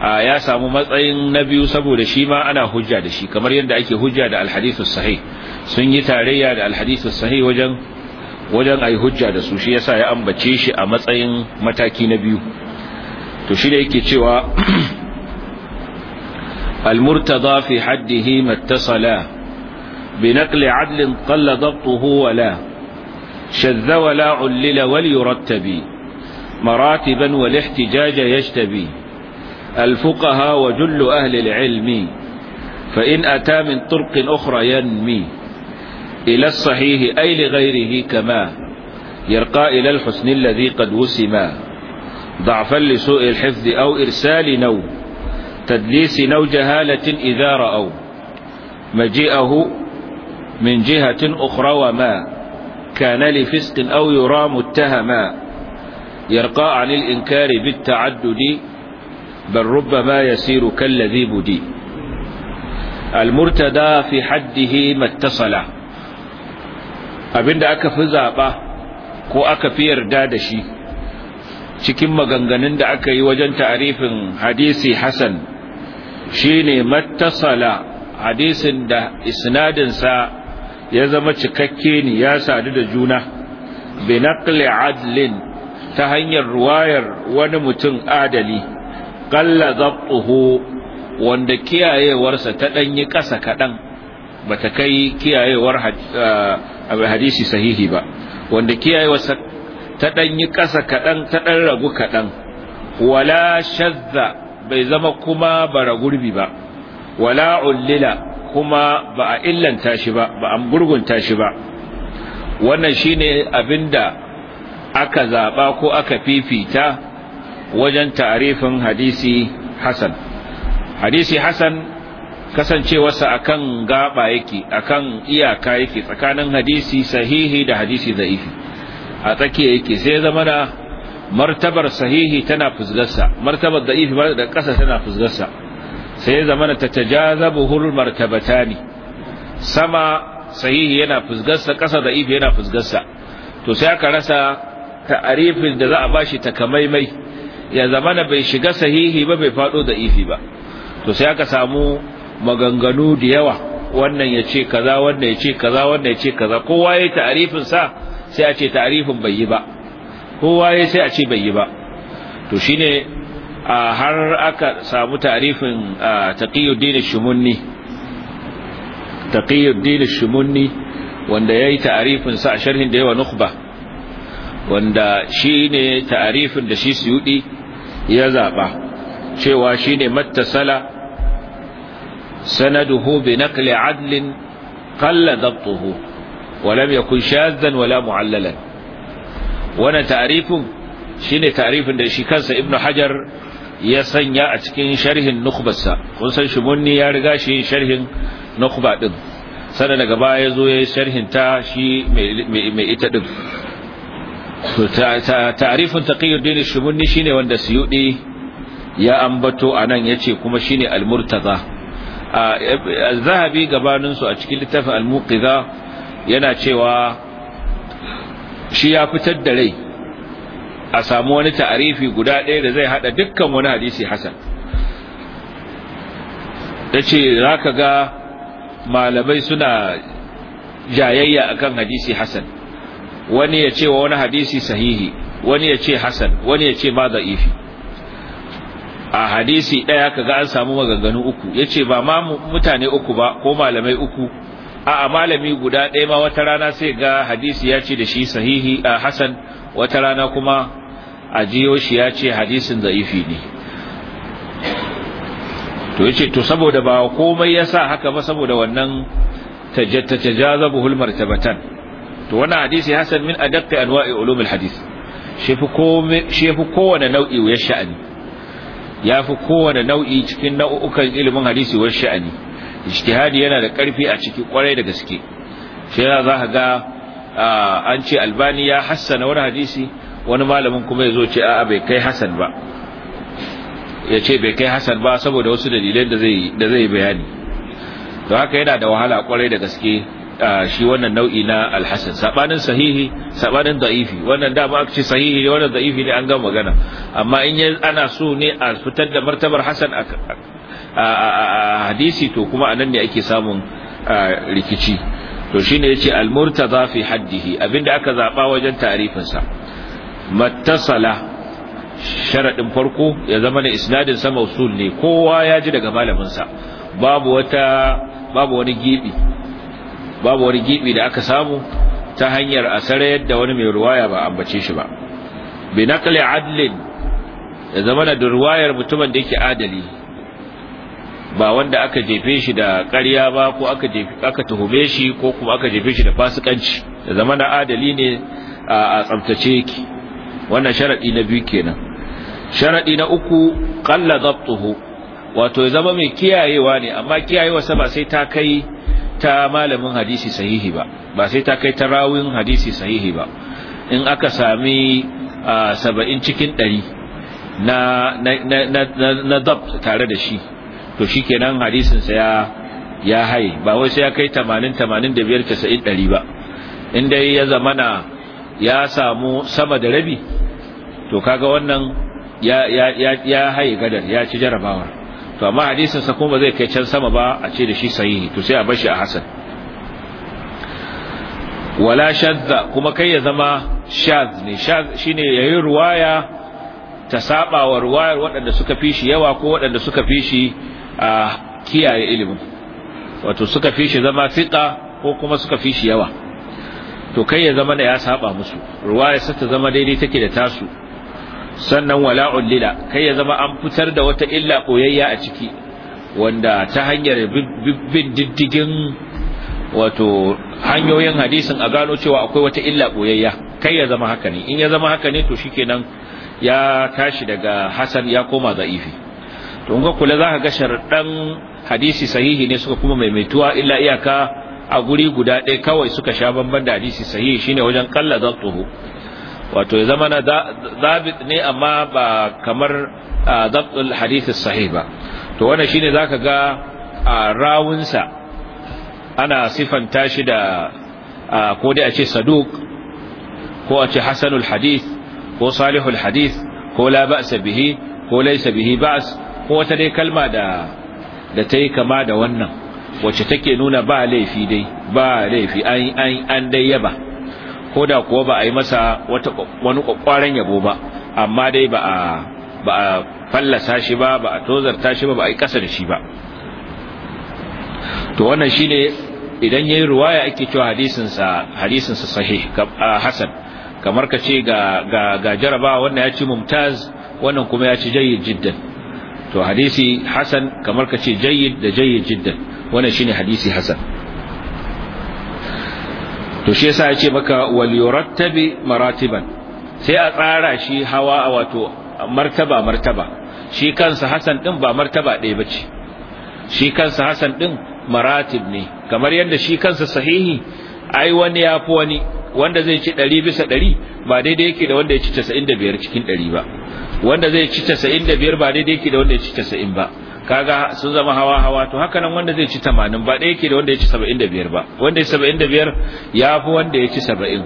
S1: ya samu matsayin na biyu saboda shi ma ana hujja da shi kamar yadda ake hujja da alhadithus sun yi tarayya da alhadithus sahih wajen ayi hujja da su shi yasa ya ambace shi a matsayin mataki na biyu to shi da yake cewa المرتضى في حده ما اتصلا بنقل عدل قل ضبطه ولا شذ ولا علل وليرتب مراتبا والاحتجاج يجتبي الفقهاء وجل أهل العلم فإن أتى من طرق أخرى ينمي إلى الصحيح أي لغيره كما يرقى إلى الحسن الذي قد وسما ضعفا لسوء الحفظ أو إرسال نو تدليس نو جهالة إذا رأوا مجيئه من جهة أخرى وما كان لفسق أو يرى متهما يرقى عن الإنكار بالتعدد بل ربما يسير كالذي بدي المرتدى في حده ما اتصل abinda aka fi zaba ko aka fi yarda da shi cikin maganganun da aka yi wajen ta'arifin hadisi hasan shine mattasala hadisin da isnadinsa ya zama cikakke ne ya sadu da juna bi adlin ta hanyar ruwayar wani mutum adali qalla dhabtuhu wanda kiyayewarsa ta danyi kasa kadan bata kai kiyayewar ah, hadisi sahihi ba wanda kiyayewarsa ta danyi kasa kadan ta dan ragu kaɗan, wala shazza bai zama kuma bara ba wala ullila kuma ba a illanta shi ba ba a gurgunta shi ba wannan shine abinda aka zaba ko aka fifita wajen tarifin hadisi hasan hadisi hasan kasancewarsa akan gaba yake akan iyaka yake tsakanin hadisi sahihi da hadisi da'ifi a tsakiya yake sai zama da martabar sahihi tana fusgarsa martabar da'ifi da ƙasa tana fusgarsa sai ya zama ta tajazabu hul markabatani sama sahihi yana fusgarsa ƙasa da ifi yana fusgarsa to sai aka rasa ta'arifin da za a bashi takamaimai ya zamana bai shiga sahihi ba bai faɗo da ifi ba to sai aka samu maganganu da yawa wannan ya ce kaza wannan ya ce kaza wannan ya ce kaza kowa ya ta'arifin sa sai a ce ta'arifin bai yi ba kowa ya sai a ce bai yi ba to shine har aka samu tarifin taqiyuddin shumunni taqiyuddin shumunni wanda yayi tarifin sa a sharhin da yawa nukhba wanda ne tarifin da shi suyudi ya zaɓa cewa ne mattasala sanaduhu bi naqli adlin qalla dabtuhu wa lam yakun shadhan wala mu'allalan wannan tarifin shine tarifin da shi kansa ibnu hajar ya sanya a cikin sharhin nukhbarsa kun san munni ya riga shi sharhin nukhba din sannan daga baya ya zo ya yi sharhin ta shi mai ita din to ta'rifin taqiyuddin shibunni shine wanda suyudi ya ambato anan yace kuma shine al-murtaza zahabi gabanin su a cikin littafin al-muqiza yana cewa shi ya fitar da rai a samu wani ta'arifi guda ɗaya da zai hada dukkan wani hadisi hasan za ka ga malamai suna jayayya akan hadisi hasan wani ya ce wa wani hadisi sahihi wani ya ce hasan wani ya ce ma ifi a hadisi ɗaya ka ga an samu maganganu uku ya ce ba ma mutane uku ba ko malamai uku a a malami guda ɗaya ma wata rana sai ga hadisi ya ce da shi sahihi a hasan wata rana kuma a jiyo shi ya ce hadisin za'ifi ne to yace to saboda ba komai yasa haka ba saboda wannan tajatta tajazabul martabatan to wannan hadisi hasan min adaqqi anwa'i ulumul hadis shefi komai shefi kowane nau'i ya sha'ani yafi kowane nau'i cikin nau'ukan ilimin hadisi wa sha'ani ijtihadi yana da karfi a ciki kwarai da gaske shi za ka ga an ce albani ya hassana wani hadisi wani malamin kuma ya zo ce a'a bai kai hasan ba ya ce bai kai hasan ba saboda wasu dalilai da zai bayani to haka yana da wahala kwarai da gaske shi wannan nau'i na alhassan sabanin sahihi sabanin da'ifi wannan da aka ce sahihi ne wannan da'ifi ne an ga magana amma in ana so ne a fitar da martabar hasan a hadisi to kuma anan ne ake samun rikici to shine yace al-murtaza fi haddihi abinda aka zaba wajen ta'rifinsa mattasala sharadin farko ya zama ne isnadin sa mausul ne kowa ya ji daga malamin sa babu wata babu wani gibi babu wani gibi da aka samu ta hanyar asare yadda wani mai ruwaya ba ambace shi ba bi naqli adlin ya zama da ruwayar mutumin da yake adali ba wanda aka jefe shi da ƙarya ba ko aka jefe aka tuhume shi ko kuma aka jefe shi da fasikanci Ya zama na adali ne a tsamtace yake wannan sharadi na biyu kenan sharadi na uku qalla dhabtuhu wato ya zama mai kiyayewa ne amma kiyayewa sa ba sai ta kai ta malamin hadisi sahihi ba ba sai ta kai ta rawin hadisi sahihi ba in aka sami saba'in cikin ɗari na na dab tare da shi to shi kenan hadisinsa ya ya haye ba wai sai ya kai tamanin tamanin da biyar casa'in ɗari ba in dai ya zamana ya samu sama da rabi to kaga wannan ya ya ya ya haye gadar ya ci jarabawar to amma hadisin sa kuma zai kai can sama ba a ce da shi sahihi to sai a bar shi a hasan wala shadda kuma kai ya zama shadh ne shadh shine yayi ruwaya ta saba wa ruwayar waɗanda suka fi shi yawa ko waɗanda suka fi shi a kiyaye ilimin wato suka fi shi zama fiqa ko kuma suka fi shi yawa to kai ya zama da ya saba musu ruwa ya ta zama daidai take da tasu sannan wala ulila kai ya zama an fitar da wata illa koyayya a ciki wanda ta hanyar bin diddigin wato hanyoyin hadisin a gano cewa akwai wata illa koyayya kai ya zama haka ne in ya zama haka ne to shikenan ya tashi daga hasan ya koma za'ifi to in ga kula za ka ga sharaɗan hadisi sahihi ne suka kuma maimaituwa illa iyaka a guri guda ɗaya kawai suka sha bamban da hadisi sahihi shine wajen kalla zabtuhu wato ya zama na zabit ne amma ba kamar zabtul hadisi sahih ba to wannan shine zaka ga a rawunsa ana sifanta shi da ko dai a ce saduq ko a ce hasanul hadith ko salihul hadith ko la ba'sa bihi ko laysa bihi ba'as ko wata dai kalma da da ta yi kama da wannan wacce take nuna ba laifi dai ba laifi an an dai yaba ko da kuwa ba a yi masa wani kwakwaran yabo ba amma dai ba a ba a fallasa shi ba ba a tozarta shi ba ba a yi kasa da shi ba to wannan shine idan yayi ruwaya ake cewa hadisin sa hadisin sa sahih hasan kamar ka ce ga ga, ga wannan ya ce mumtaz wannan kuma ya ce jayyid jiddan to hadisi hasan kamar ka ce jayyid da jayyid jiddan wannan shine hadisi hasan to shi yasa yace maka wal yurattabi maratiban sai a tsara shi hawa wato martaba martaba shi kansa hasan din ba martaba ɗaya bace shi kansa hasan din maratib ne kamar yadda shi kansa sahihi ai wani ya fi wani wanda zai ci 100 bisa 100 ba daidai yake da wanda ya ci 95 cikin 100 ba wanda zai ci 95 ba daidai yake da wanda ya ci 90 ba kaga sun zama hawa hawa to haka nan wanda zai ci 80 ba daidai yake da wanda ya ci 75 ba wanda ya ci 75 ya fi wanda ya ci 70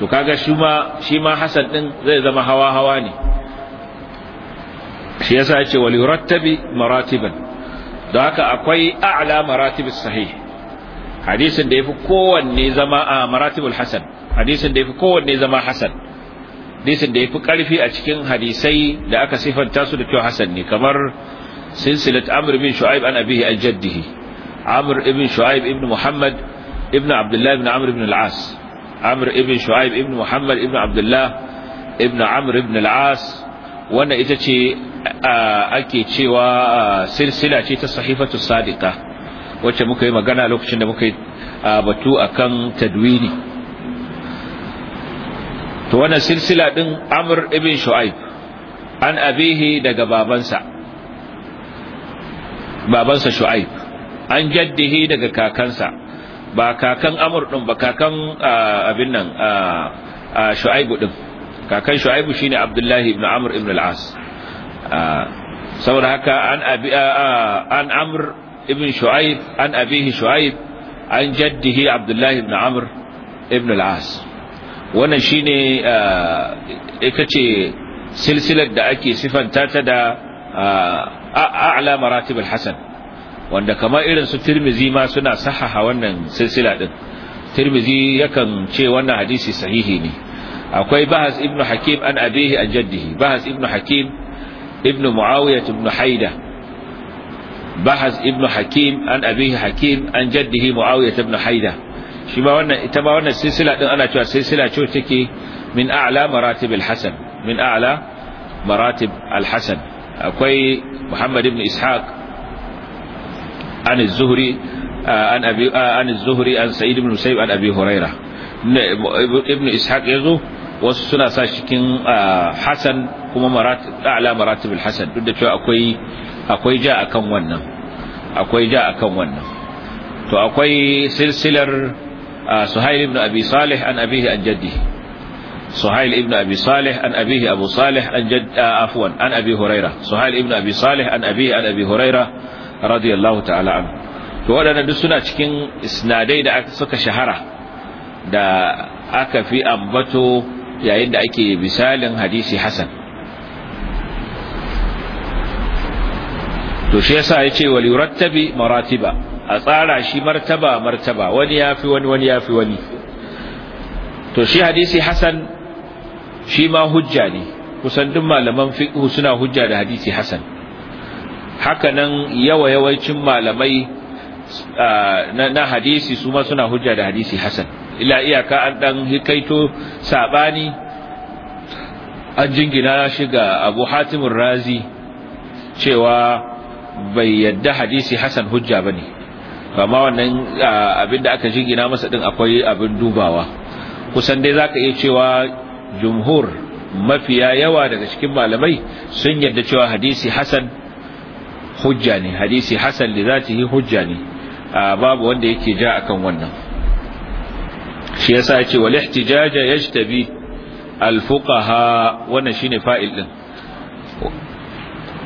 S1: to kaga shi ma shi ma hasan din zai zama hawa hawa ne shi yasa yace wal yurattabi maratiban don haka akwai a'la maratibus sahih hadisin da yafi kowanne zama a maratibul hasan hadisin da yafi kowanne zama hasan hadisin da ya fi karfi a cikin hadisai da aka sifanta su da kyau hasan ne kamar silsilat amr bin shu'aib an abihi an jaddihi amr ibn shu'aib ibn muhammad ibn abdullah ibn amr ibn al-as amr ibn shu'aib ibn muhammad ibn abdullah ibn amr ibn al-as wannan ita ce ake cewa silsila ce ta sahifatu sadiqa wacce muka yi magana lokacin da muka yi batu akan tadwini to wannan silsila din amr ibn shu'aib an abihi daga babansa babansa shu'aib an jaddihi daga kakansa ba kakan Amur din ba kakan abin nan shu'aibu din kakan shu'aibu shine abdullahi ibn amr ibn al-as saboda haka an abi an amr ibn shu'aib an abihi shu'aib an jaddihi abdullahi ibn amr ibn al-as wannan shine ah, ita ce silsilar da ake sifanta ta da ah, a'la maratibul hasan wanda kamar irin su tirmizi ma suna sahaha wannan silsila din tirmizi yakan ce wannan hadisi sahihi ne akwai bahas ibn hakim an abihi an jaddihi bahas ibn hakim ibn muawiyah ibn haida bahas ibn hakim an abihi hakim an jaddihi muawiyah ibn haida shi ba wannan ita ba wannan silsila din ana cewa silsila ce take min a'la maratib al-hasan min a'la maratib al-hasan akwai muhammad ibn ishaq an az-zuhri ah, an abi ah, an az-zuhri an sa'id ibn musayyib an abi huraira ibn ishaq yazo wasu suna sa cikin ah, hasan kuma maratib a'la maratib al-hasan duk da cewa akwai akwai ja akan wannan akwai ja akan wannan to akwai silsilar suhail ibn abi salih an abihi an jaddi suhail ibn abi salih an abihi abu salih an jaddi afwan an abi huraira suhail ibn abi salih an abihi an abi huraira radiyallahu ta'ala an to wadannan duk suna cikin isnadai da saka shahara da aka fi ambato yayin da ake misalin hadisi Hassan. to shi yasa yace wal yurattabi maratiba a tsara shi martaba martaba wani yafi wani wani yafi wani to shi hadisi hasan shi ma hujja ne kusan duk malaman fiqh suna hujja da hadisi hasan haka nan yawa yawancin malamai na hadisi su ma suna hujja da hadisi hasan ila iyaka an dan hikaito sabani an jingina shi ga Abu Hatim Razi cewa bai yadda hadisi hasan hujja bane kama wannan abin da aka jingina masa din akwai abin dubawa kusan dai zaka iya cewa jumhur mafiya yawa daga cikin malamai sun yarda cewa hadisi hasan hujja ne hadisi hasan li zatihi hujja ne babu wanda yake ja akan wannan shi yasa yace wal ihtijaja yajtabi al fuqaha wannan shine fa'il din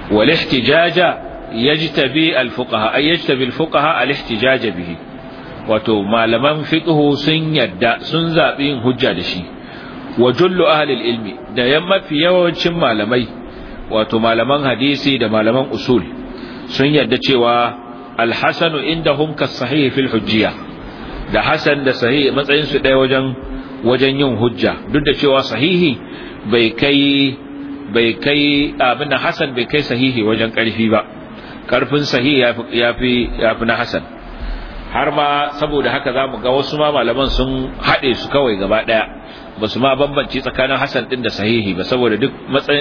S1: wal ihtijaja yajtabi al-fuqaha ay yajtabi al-fuqaha al-ihtijaj bihi wato malaman fiqhu sun yadda sun zabi yin hujja da shi wa jullu ahli ilmi da yamma fi yawancin malamai wato malaman hadisi da malaman usul sun yadda cewa alhassanu inda indahum kas-sahih fil da hasan da sahih matsayin su ɗaya wajen wajen yin hujja duk da cewa sahihi bai kai bai kai abin hasan bai kai sahihi wajen ƙarfi ba karfin sahih ya fi na hasan har ma saboda haka zamu ga wasu ma malaman sun haɗe su kawai gaba daya basu ma bambanci tsakanin hasan din da sahihi ba saboda duk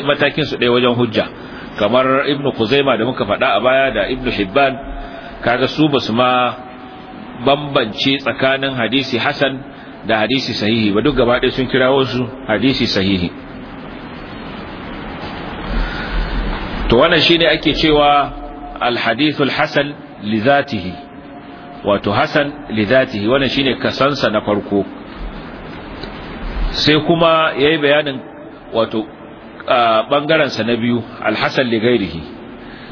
S1: matakin su ɗaya wajen hujja kamar ibnu kuzaima da muka faɗa a baya da ibnu hibban kaga su basu ma bambanci tsakanin hadisi hasan da hadisi sahihi ba duk gaba ɗaya sun kirawo su hadisi sahihi to wannan shine ake cewa alhadithu alhasan li zatihi wato hasan li zatihi wannan shine kasansa na farko sai kuma yayi bayanin wato bangaren sa na biyu alhasan li ghairihi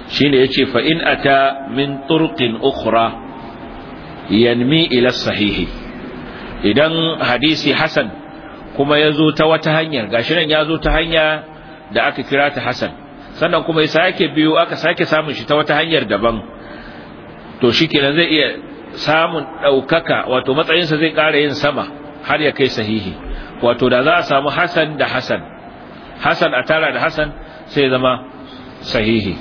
S1: shine yace fa in ata min turqin ukhra yanmi ila sahihi idan hadisi hasan kuma yazo ta wata hanyar gashi nan zo ta hanya da aka kira ta hasan sannan kuma ya sake biyo aka sake samun shi ta wata hanyar daban to shi kenan zai iya samun ɗaukaka wato matsayinsa zai ƙara yin sama har ya kai sahihi wato da za a samu hasan da hasan hasan a tara da hasan sai zama sahihi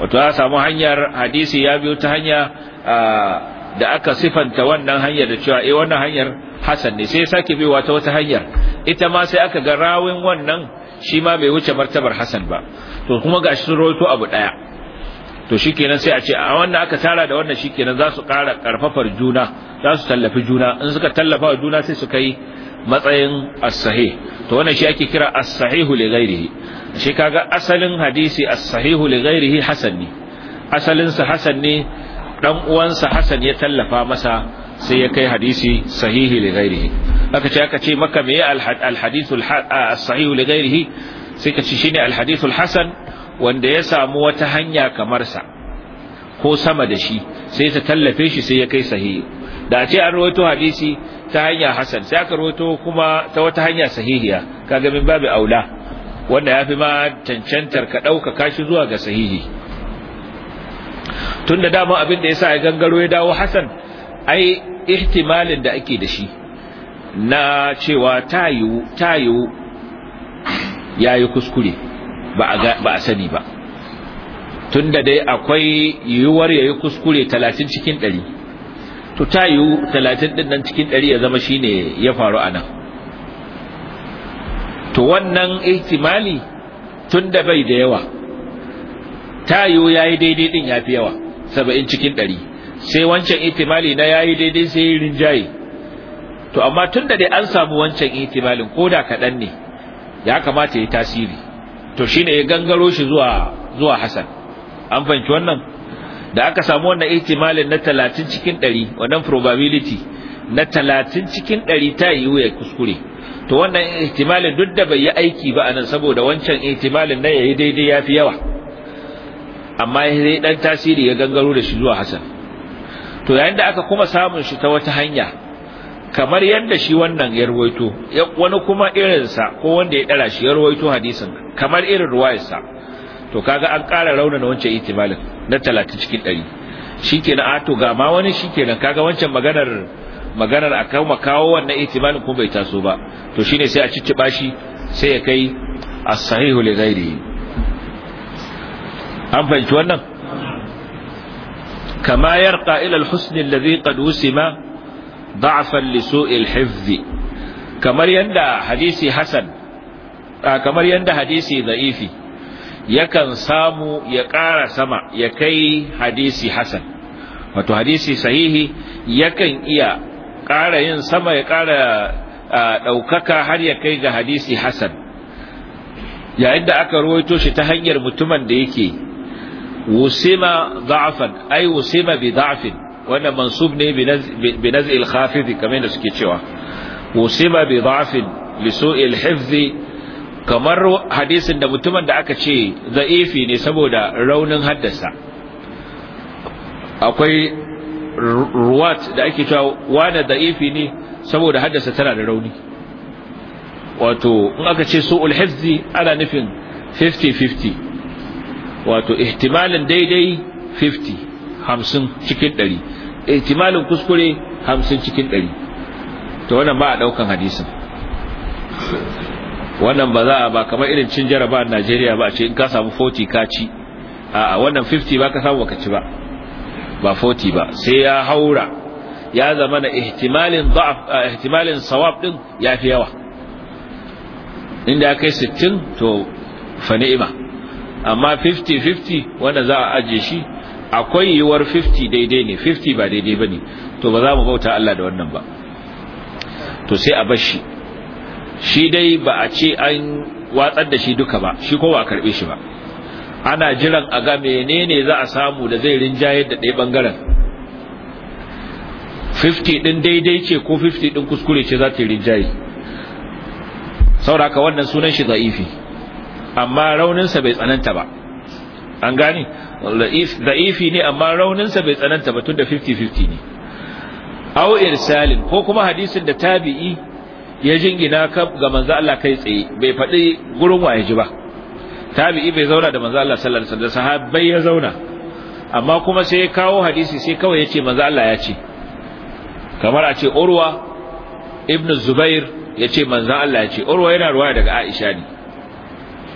S1: wato za a samu hanyar hadisi ya biyo ta hanya da aka sifanta wannan hanyar da cewa eh wannan hanyar hasan ne sai sake biyo ta wata hanyar ita ma sai aka ga rawin wannan shi ma bai wuce martabar hasan ba to kuma ga shi rawaito abu daya to shikenan sai a ce a wannan aka tara da wannan shikenan za su ƙara ƙarfafar juna za su tallafi juna in suka tallafa juna sai su kai matsayin as-sahih to wannan shi ake kira as-sahihu li ghairihi shi kaga asalin hadisi as-sahihu li ghairihi hasan ne asalin sa hasan ne dan uwansa hasan ya tallafa masa sai ya kai hadisi sahihi li ghairihi aka ce aka ce maka me al-hadithu li ghairihi sai ka ci shine alhadithul hasan wanda ya samu wata hanya kamar sa ko sama da shi sai ta tallafe shi sai ya kai sahihi da a ce an rawaito hadisi ta hanya hasan sai aka rawaito kuma ta wata hanya sahihiya kaga min babu aula wanda yafi ma cancantar ka dauka kashi zuwa ga sahihi Tun da dama abin da yasa ya gangaro ya dawo hasan ai ihtimalin da ake da shi na cewa ta yiwu ta yiwu ya yi kuskure ba a sani ba tun da dai akwai yiwuwar ya yi kuskure talatin cikin ɗari to ta yiwu talatin ɗin nan cikin ɗari ya zama shine ya faru a nan to wannan ihtimali da bai da yawa ta yiwu ya yi daidai ɗin ya fi yawa saba'in cikin ɗari sai wancan ihtimali na ya yi daidai sai rinjaye to amma tun da dai an samu wancan ihtimalin ko da kaɗan ne ya kamata ya tasiri to shine ya gangaro shi zuwa zuwa Hassan an fanci wannan da aka samu wannan ihtimalin na 30 cikin 100 wannan probability na 30 cikin 100 ta yiwu ya kuskure to wannan ihtimalin duk da bai yi aiki ba anan saboda wancan ihtimalin na yayi daidai ya fi yawa amma sai dan tasiri ya gangaro da shi zuwa Hassan to yayin da aka kuma samun shi ta wata hanya kamar yadda shi wannan ya ruwaito wani kuma irinsa ko wanda ya dara shi ya ruwaito hadisin kamar irin ruwayarsa to kaga an ƙara na wancan itimalin na 30 cikin 100 ke a to ga ma wani shikenan kaga wancan maganar maganar a kawo kawo wannan itimalin kuma bai taso ba to shine sai a cicciba shi sai ya kai a sahihu li an fahimci wannan kama ka'ilar ila da zai alladhi qad ma. da'fan li su'il hifzi kamar yanda hadisi hasan kamar yanda hadisi da'ifi yakan samu ya ƙara sama ya kai hadisi hasan wato hadisi sahihi yakan iya ƙara yin sama ya ƙara ɗaukaka har ya kai ga hadisi hasan yayin da aka ruwaito shi ta hanyar mutumin da yake wusima da'afan ai wusima bi da'afin wannan mansub ne bi naz'il khafid kamar da suke cewa musiba bi dha'fin li su'il hifzi kamar hadisin da mutumin da aka ce za'ifi ne saboda raunin haddasa akwai ruwat da ake cewa wani za'ifi ne saboda haddasa tana da rauni wato in aka ce su'ul hifzi ana nufin 50-50 wato ihtimalin daidai 50 hamsin cikin ɗari ihtimalin kuskure hamsin cikin ɗari to wannan ba a ɗaukan hadisin wannan ba za a ba kamar irin cin jaraba a najeriya ba a ce in ka samu 40 ka ci a wannan 50 ba ka samu baka ci ba ba 40 ba sai ya haura ya zama na ihtimalin da'af ihtimalin sawab din ya fi yawa inda ya kai 60 to fa ni'ima amma 50 50 wanda za a aje shi akwai yiwuwar 50 daidai ne 50 ba daidai ba ne to ba za mu bauta Allah da wannan ba to sai a bashi shi dai ba a ce an watsar da shi duka ba shi kowa a karbe shi ba ana jiran a ga menene za a samu da zai rinjayar da ɗaya bangaren 50 ɗin daidai ce ko 50 ɗin kuskure ce za ta rinjaye sauraka wannan sunan shi za'ifi amma rauninsa bai tsananta ba an gane da'ifi ne amma rauninsa bai tsananta ba tun da 50-50 ne au irsalin ko kuma hadisin da tabi'i ya jingina ga manzo Allah kai tsaye bai faɗi gurin waye ji ba tabi'i bai zauna da manzo Allah sallallahu alaihi wasallam sahabbai ya zauna amma kuma sai ya kawo hadisi sai kawai ya ce manzo Allah ya ce kamar a ce urwa ibn zubair ya ce manzo Allah ya ce urwa yana ruwaya daga aisha ne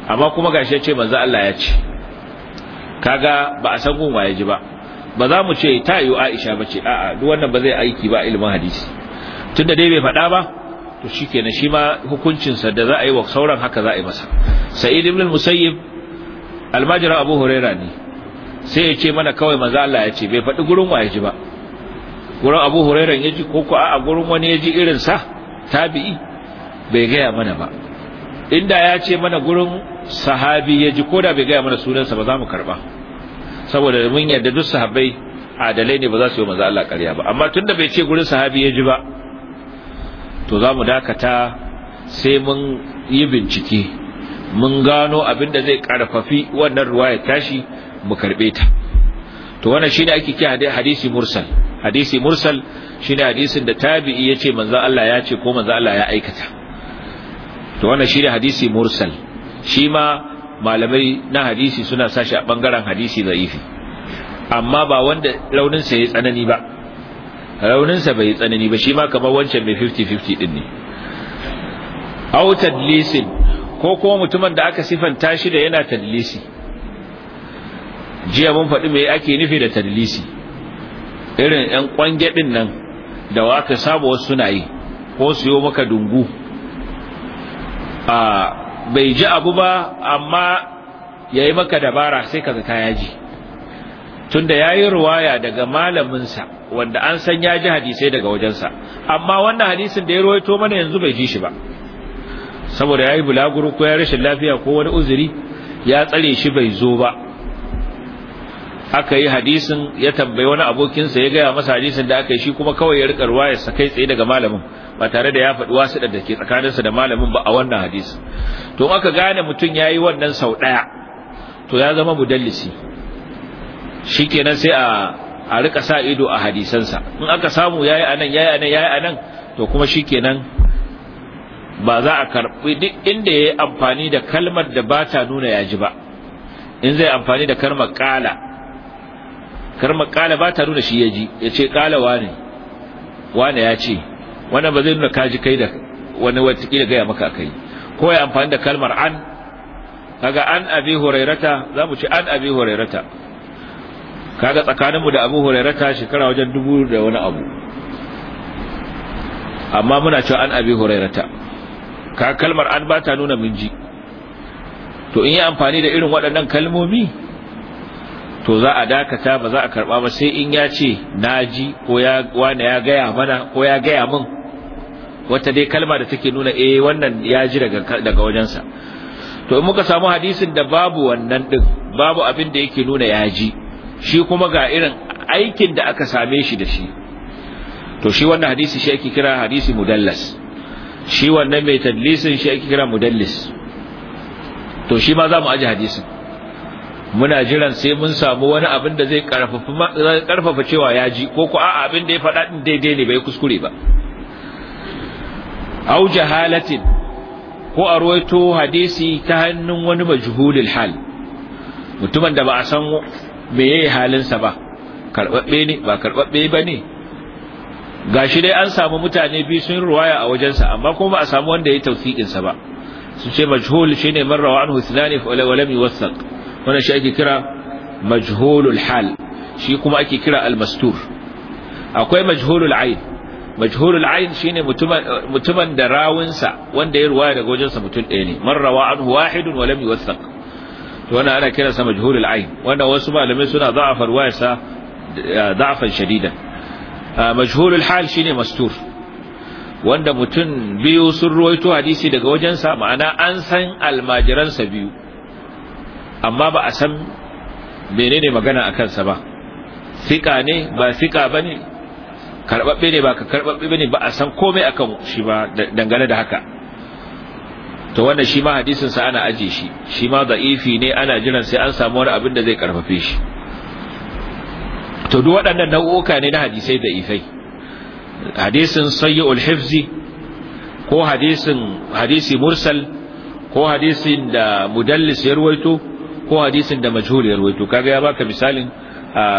S1: amma kuma gashi ya ce manzo Allah ya ce kaga ba a san gun waye ba ba za mu ce ta yi Aisha ba ce a'a duk wannan ba zai aiki ba ilimin hadisi tunda dai bai faɗa ba to shikenan shi ma hukuncinsa da za a yi wa sauran haka za a yi masa Sa'id ibn al-Musayyib Abu Huraira ne sai ya ce mana kawai manzo Allah ya ce bai faɗi gurin waye ji ba gurin Abu Huraira ya ji ko ko a'a gurin wani ya ji irin sa tabi'i bai gaya mana ba inda ya ce mana gurin sahabi ya ji da bai gaya mana sunansa ba za mu karba saboda mun yarda duk sahabbai adalai ne ba za su yi manzo Allah ƙarya ba amma tunda bai ce gurin sahabi ya ji ba to za mu dakata sai mun yi bincike mun gano abin da zai karfafi wannan ruwaya tashi mu karbe ta to wannan shine ake kira hadisi mursal hadisi mursal shine hadisin da tabi'i yace manzo Allah ya ce ko manzo Allah ya aikata to wannan shine hadisi mursal shi ma malamai na hadisi suna sashi a bangaren hadisi za'ifi amma ba wanda rauninsa ya tsanani ba rauninsa bai tsanani ba shi ma kamar wancan mai 50-50 din ne au tadlisin ko kuma mutumin da aka sifanta shi da yana tadlisi jiya mun faɗi me ake nufi da tadlisi irin 'yan kwange ɗin nan da waka saba wasu suna yi ko su yi maka dungu a bai ji abu ba amma yayi maka dabara sai ka zata yaji. ji tunda yayi ruwaya daga malaminsa wanda an san ya ji hadisai daga wajensa amma wannan hadisin da ya ruwaito mana yanzu bai ji shi ba saboda ya yi bulaguro ko ya rashin lafiya ko wani uzuri ya tsare shi bai zo ba aka yi hadisin ya tambayi wani abokinsa ya gaya masa hadisin da aka yi shi kuma kawai ya riƙa ruwaya kai tsaye daga malamin ba tare da ya faɗi wasu da ke tsakaninsa da malamin ba a wannan hadisi to aka gane mutum ya yi wannan sau ɗaya to ya zama mudallisi shi kenan sai a rika sa ido a hadisansa in aka samu ya yi a nan ya yi a nan ya yi a nan to kuma shi kenan ba za a karɓi duk inda ya yi amfani da kalmar da ba ta nuna ya ji ba in zai amfani da kalmar ƙala kalmar ƙala ba ta nuna shi ya ji ya ce ƙala wane wane ya ce wannan ba zai nuna kaji kai da wani kila gaya maka kai ko ya amfani da kalmar an kaga an abi hurairata za mu ci an abi hurairata kaga tsakaninmu da abu hurairata shekara wajen dubu da wani abu amma muna cewa an abi hurairata ka kalmar an ba ta nuna mun ji to in yi amfani da irin waɗannan kalmomi to za a dakata ba za a karba ba sai in ya ce ji ko ya wane ya gaya mana ko ya gaya min wata dai kalma da take nuna eh wannan ya ji daga daga wajensa to in muka samu hadisin da babu wannan din babu abin da yake nuna ya ji shi kuma ga irin aikin da aka same shi da shi to shi wannan hadisi shi ake kira hadisi mudallas shi wannan mai tadlisin shi ake kira mudallis to shi ma za mu aji hadisin muna jiran sai mun samu wani abin da zai karfafa cewa ya ji ko ku a'a abin da ya faɗa din daidai ne bai kuskure ba au jahalatin ko a ruwaito hadisi ta hannun wani majhulul hal mutumin da ba a san me halin halinsa ba karɓaɓɓe ne ba karɓaɓɓe ba ne gashi dai an samu mutane biyu sun ruwaya a wajensa amma kuma ba a samu wanda ya yi sa ba su ce majhul shine man rawa anhu thani wa lam yuwathaq wannan shi ake kira majhulul hal shi kuma ake kira almastur akwai majhulul ayn majhulul ayn shine mutumin da rawinsa wanda ya ruwaya daga wajensa mutum ɗaya ne man rawa anhu wahidun wa lam to wannan ana sa majhulul ayn wanda wasu malamai suna da'afa ruwayarsa eh, da'afan shadidan ah, majhulul hal shine mastur wanda mutum biyu sun ruwaito hadisi daga wajensa ma'ana an san almajiransa biyu amma ba a san menene magana a kansa ba Fika ne ba fika ba ne karɓaɓɓe ne ba ka karɓaɓɓe ba ne ba a san komai a kan shi ba dangane da haka to wannan shi ma hadisinsa ana ajiye shi shi ma da'ifi ne ana jiran sai an samu wani abin da zai karfafe shi to duk waɗannan nau'uka ne na hadisai da ifai hadisin sayyul hifzi ko hadisin hadisi mursal ko hadisin da mudallis ya ruwaito ko hadisin da majhul ya ruwaito kaga ya baka misalin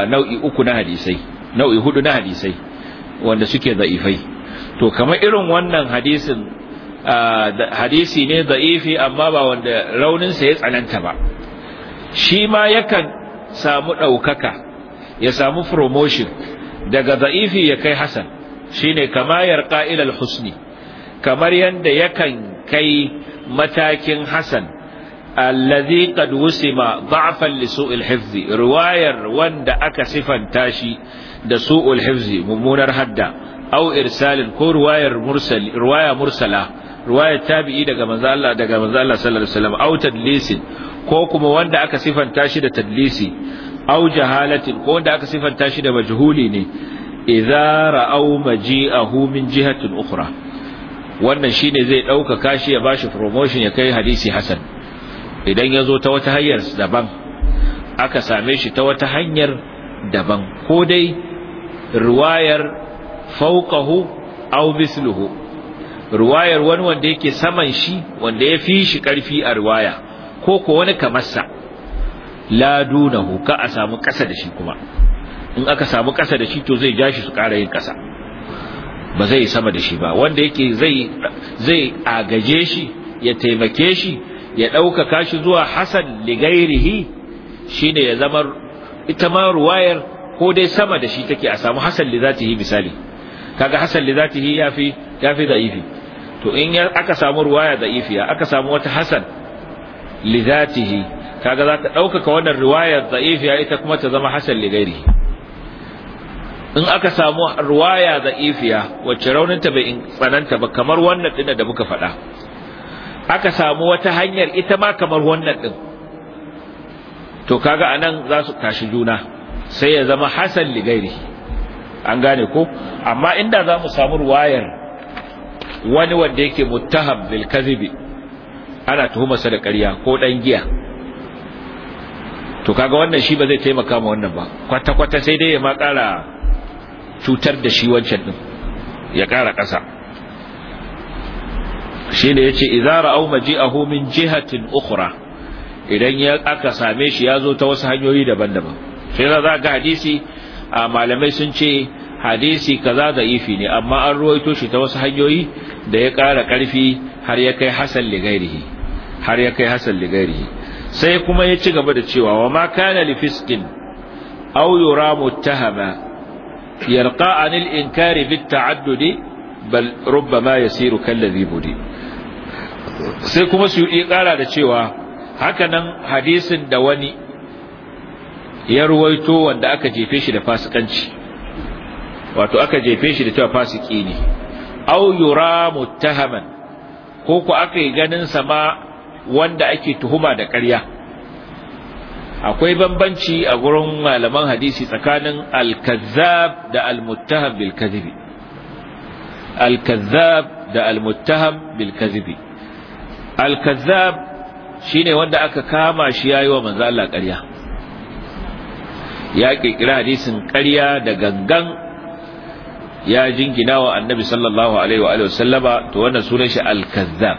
S1: nau'i uku na hadisai nau'i hudu na hadisai wanda suke da'ifai to kamar irin wannan hadisin hadisi ne da'ifi amma ba wanda sa ya tsananta ba shi ma yakan samu ɗaukaka ya samu promotion daga da'ifi ya kai hasan shine kamar yarqa husni kamar yanda yakan kai matakin hasan allazi qad wusima shi da su'ul hifzi hadda aw irsalin ko riwayar mursal riwaya wanda aka sifanta da tadlisi aw jahalatin ko wanda aka sifanta shi da majhuli ne idza ra'aw maji'ahu min jihatin ukhra wannan shine zai ɗaukaka shi ya bashi promotion ya kai hadisi Hassan. idan ya zo ta wata hanyar daban aka same shi ta wata hanyar daban ko dai ruwayar fauqahu aw bisluhu ruwayar wani wanda yake saman shi wanda ya fi shi ƙarfi a ruwaya ko ko wani kamarsa la dunahu ka a samu kasa da shi kuma in aka samu ƙasa da shi to zai ja shi su ƙara yin ƙasa. ba zai sama da shi ba wanda yake zai agaje shi ya taimake shi ya ɗaukaka shi zuwa hasan ligairihi shi ne ya zama ita ma ruwayar ko dai sama da shi take a samu hasan Lizatihi misali kaga hasan li zatihi yafi yafi da'ifi to in aka samu ruwaya da'ifiya aka samu wata hasan Lizatihi kaga za ta ɗaukaka wannan ruwayar da'ifiya ita kuma ta zama hasan Ligairihi. in aka samu ruwaya da'ifiya wacce rauninta bai tsananta ba kamar wannan ɗin da muka faɗa aka samu wata hanyar ita ma kamar wannan din to kaga anan za su tashi juna sai ya zama hasan li an gane ko amma inda za mu samu ruwayar wani wanda yake muttaham bil kadhibi ana tuhumarsa da ƙarya ko dan giya to kaga wannan shi ba zai taimaka ma wannan ba kwata kwata sai dai ya ma ƙara cutar da shi wancan ɗin ya ƙara ƙasa shine yace idza ra'aw a min jihatin ukhra idan ya aka same shi ya zo ta wasu hanyoyi daban-daban sai za ga hadisi a malamai sun ce hadisi kaza da ifi ne amma an ruwaito shi ta wasu hanyoyi da ya ƙara ƙarfi har ya kai hasan ligairihi har ya kai hasan ligairihi sai kuma ya ci gaba da cewa wa ma kana li fiskin aw yura muttahama yarqa anil inkari bit ta'addudi bal rubbama yasiru kalladhi budi sai kuma su yi kara da cewa hakanan hadisin da wani ya ruwaito wanda aka jefe shi da fasikanci wato aka jefe shi da cewa fasiki ne au yura muttahaman ko ku aka yi ganin sama wanda ake tuhuma da ƙarya akwai bambanci a gurin malaman hadisi tsakanin al-kazzab da al-muttaham bil kadhibi al da al bil kadhibi Alkazab shi shine wanda aka kama shi ya wa manzo Allah ƙarya ya ƙirƙira hadisin ƙarya da gangan ya jingina wa annabi sallallahu alaihi wa alihi sallama to wannan sunan shi alkazab?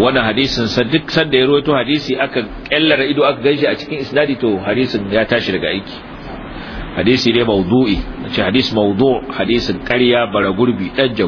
S1: wannan hadisin duk sanda ya rawaito hadisi aka kellara ido aka shi a cikin isnadi to hadisin ya tashi daga aiki hadisi ne maudu'i, ce hadis maudu hadisin ƙarya bara gurbi ɗan jabu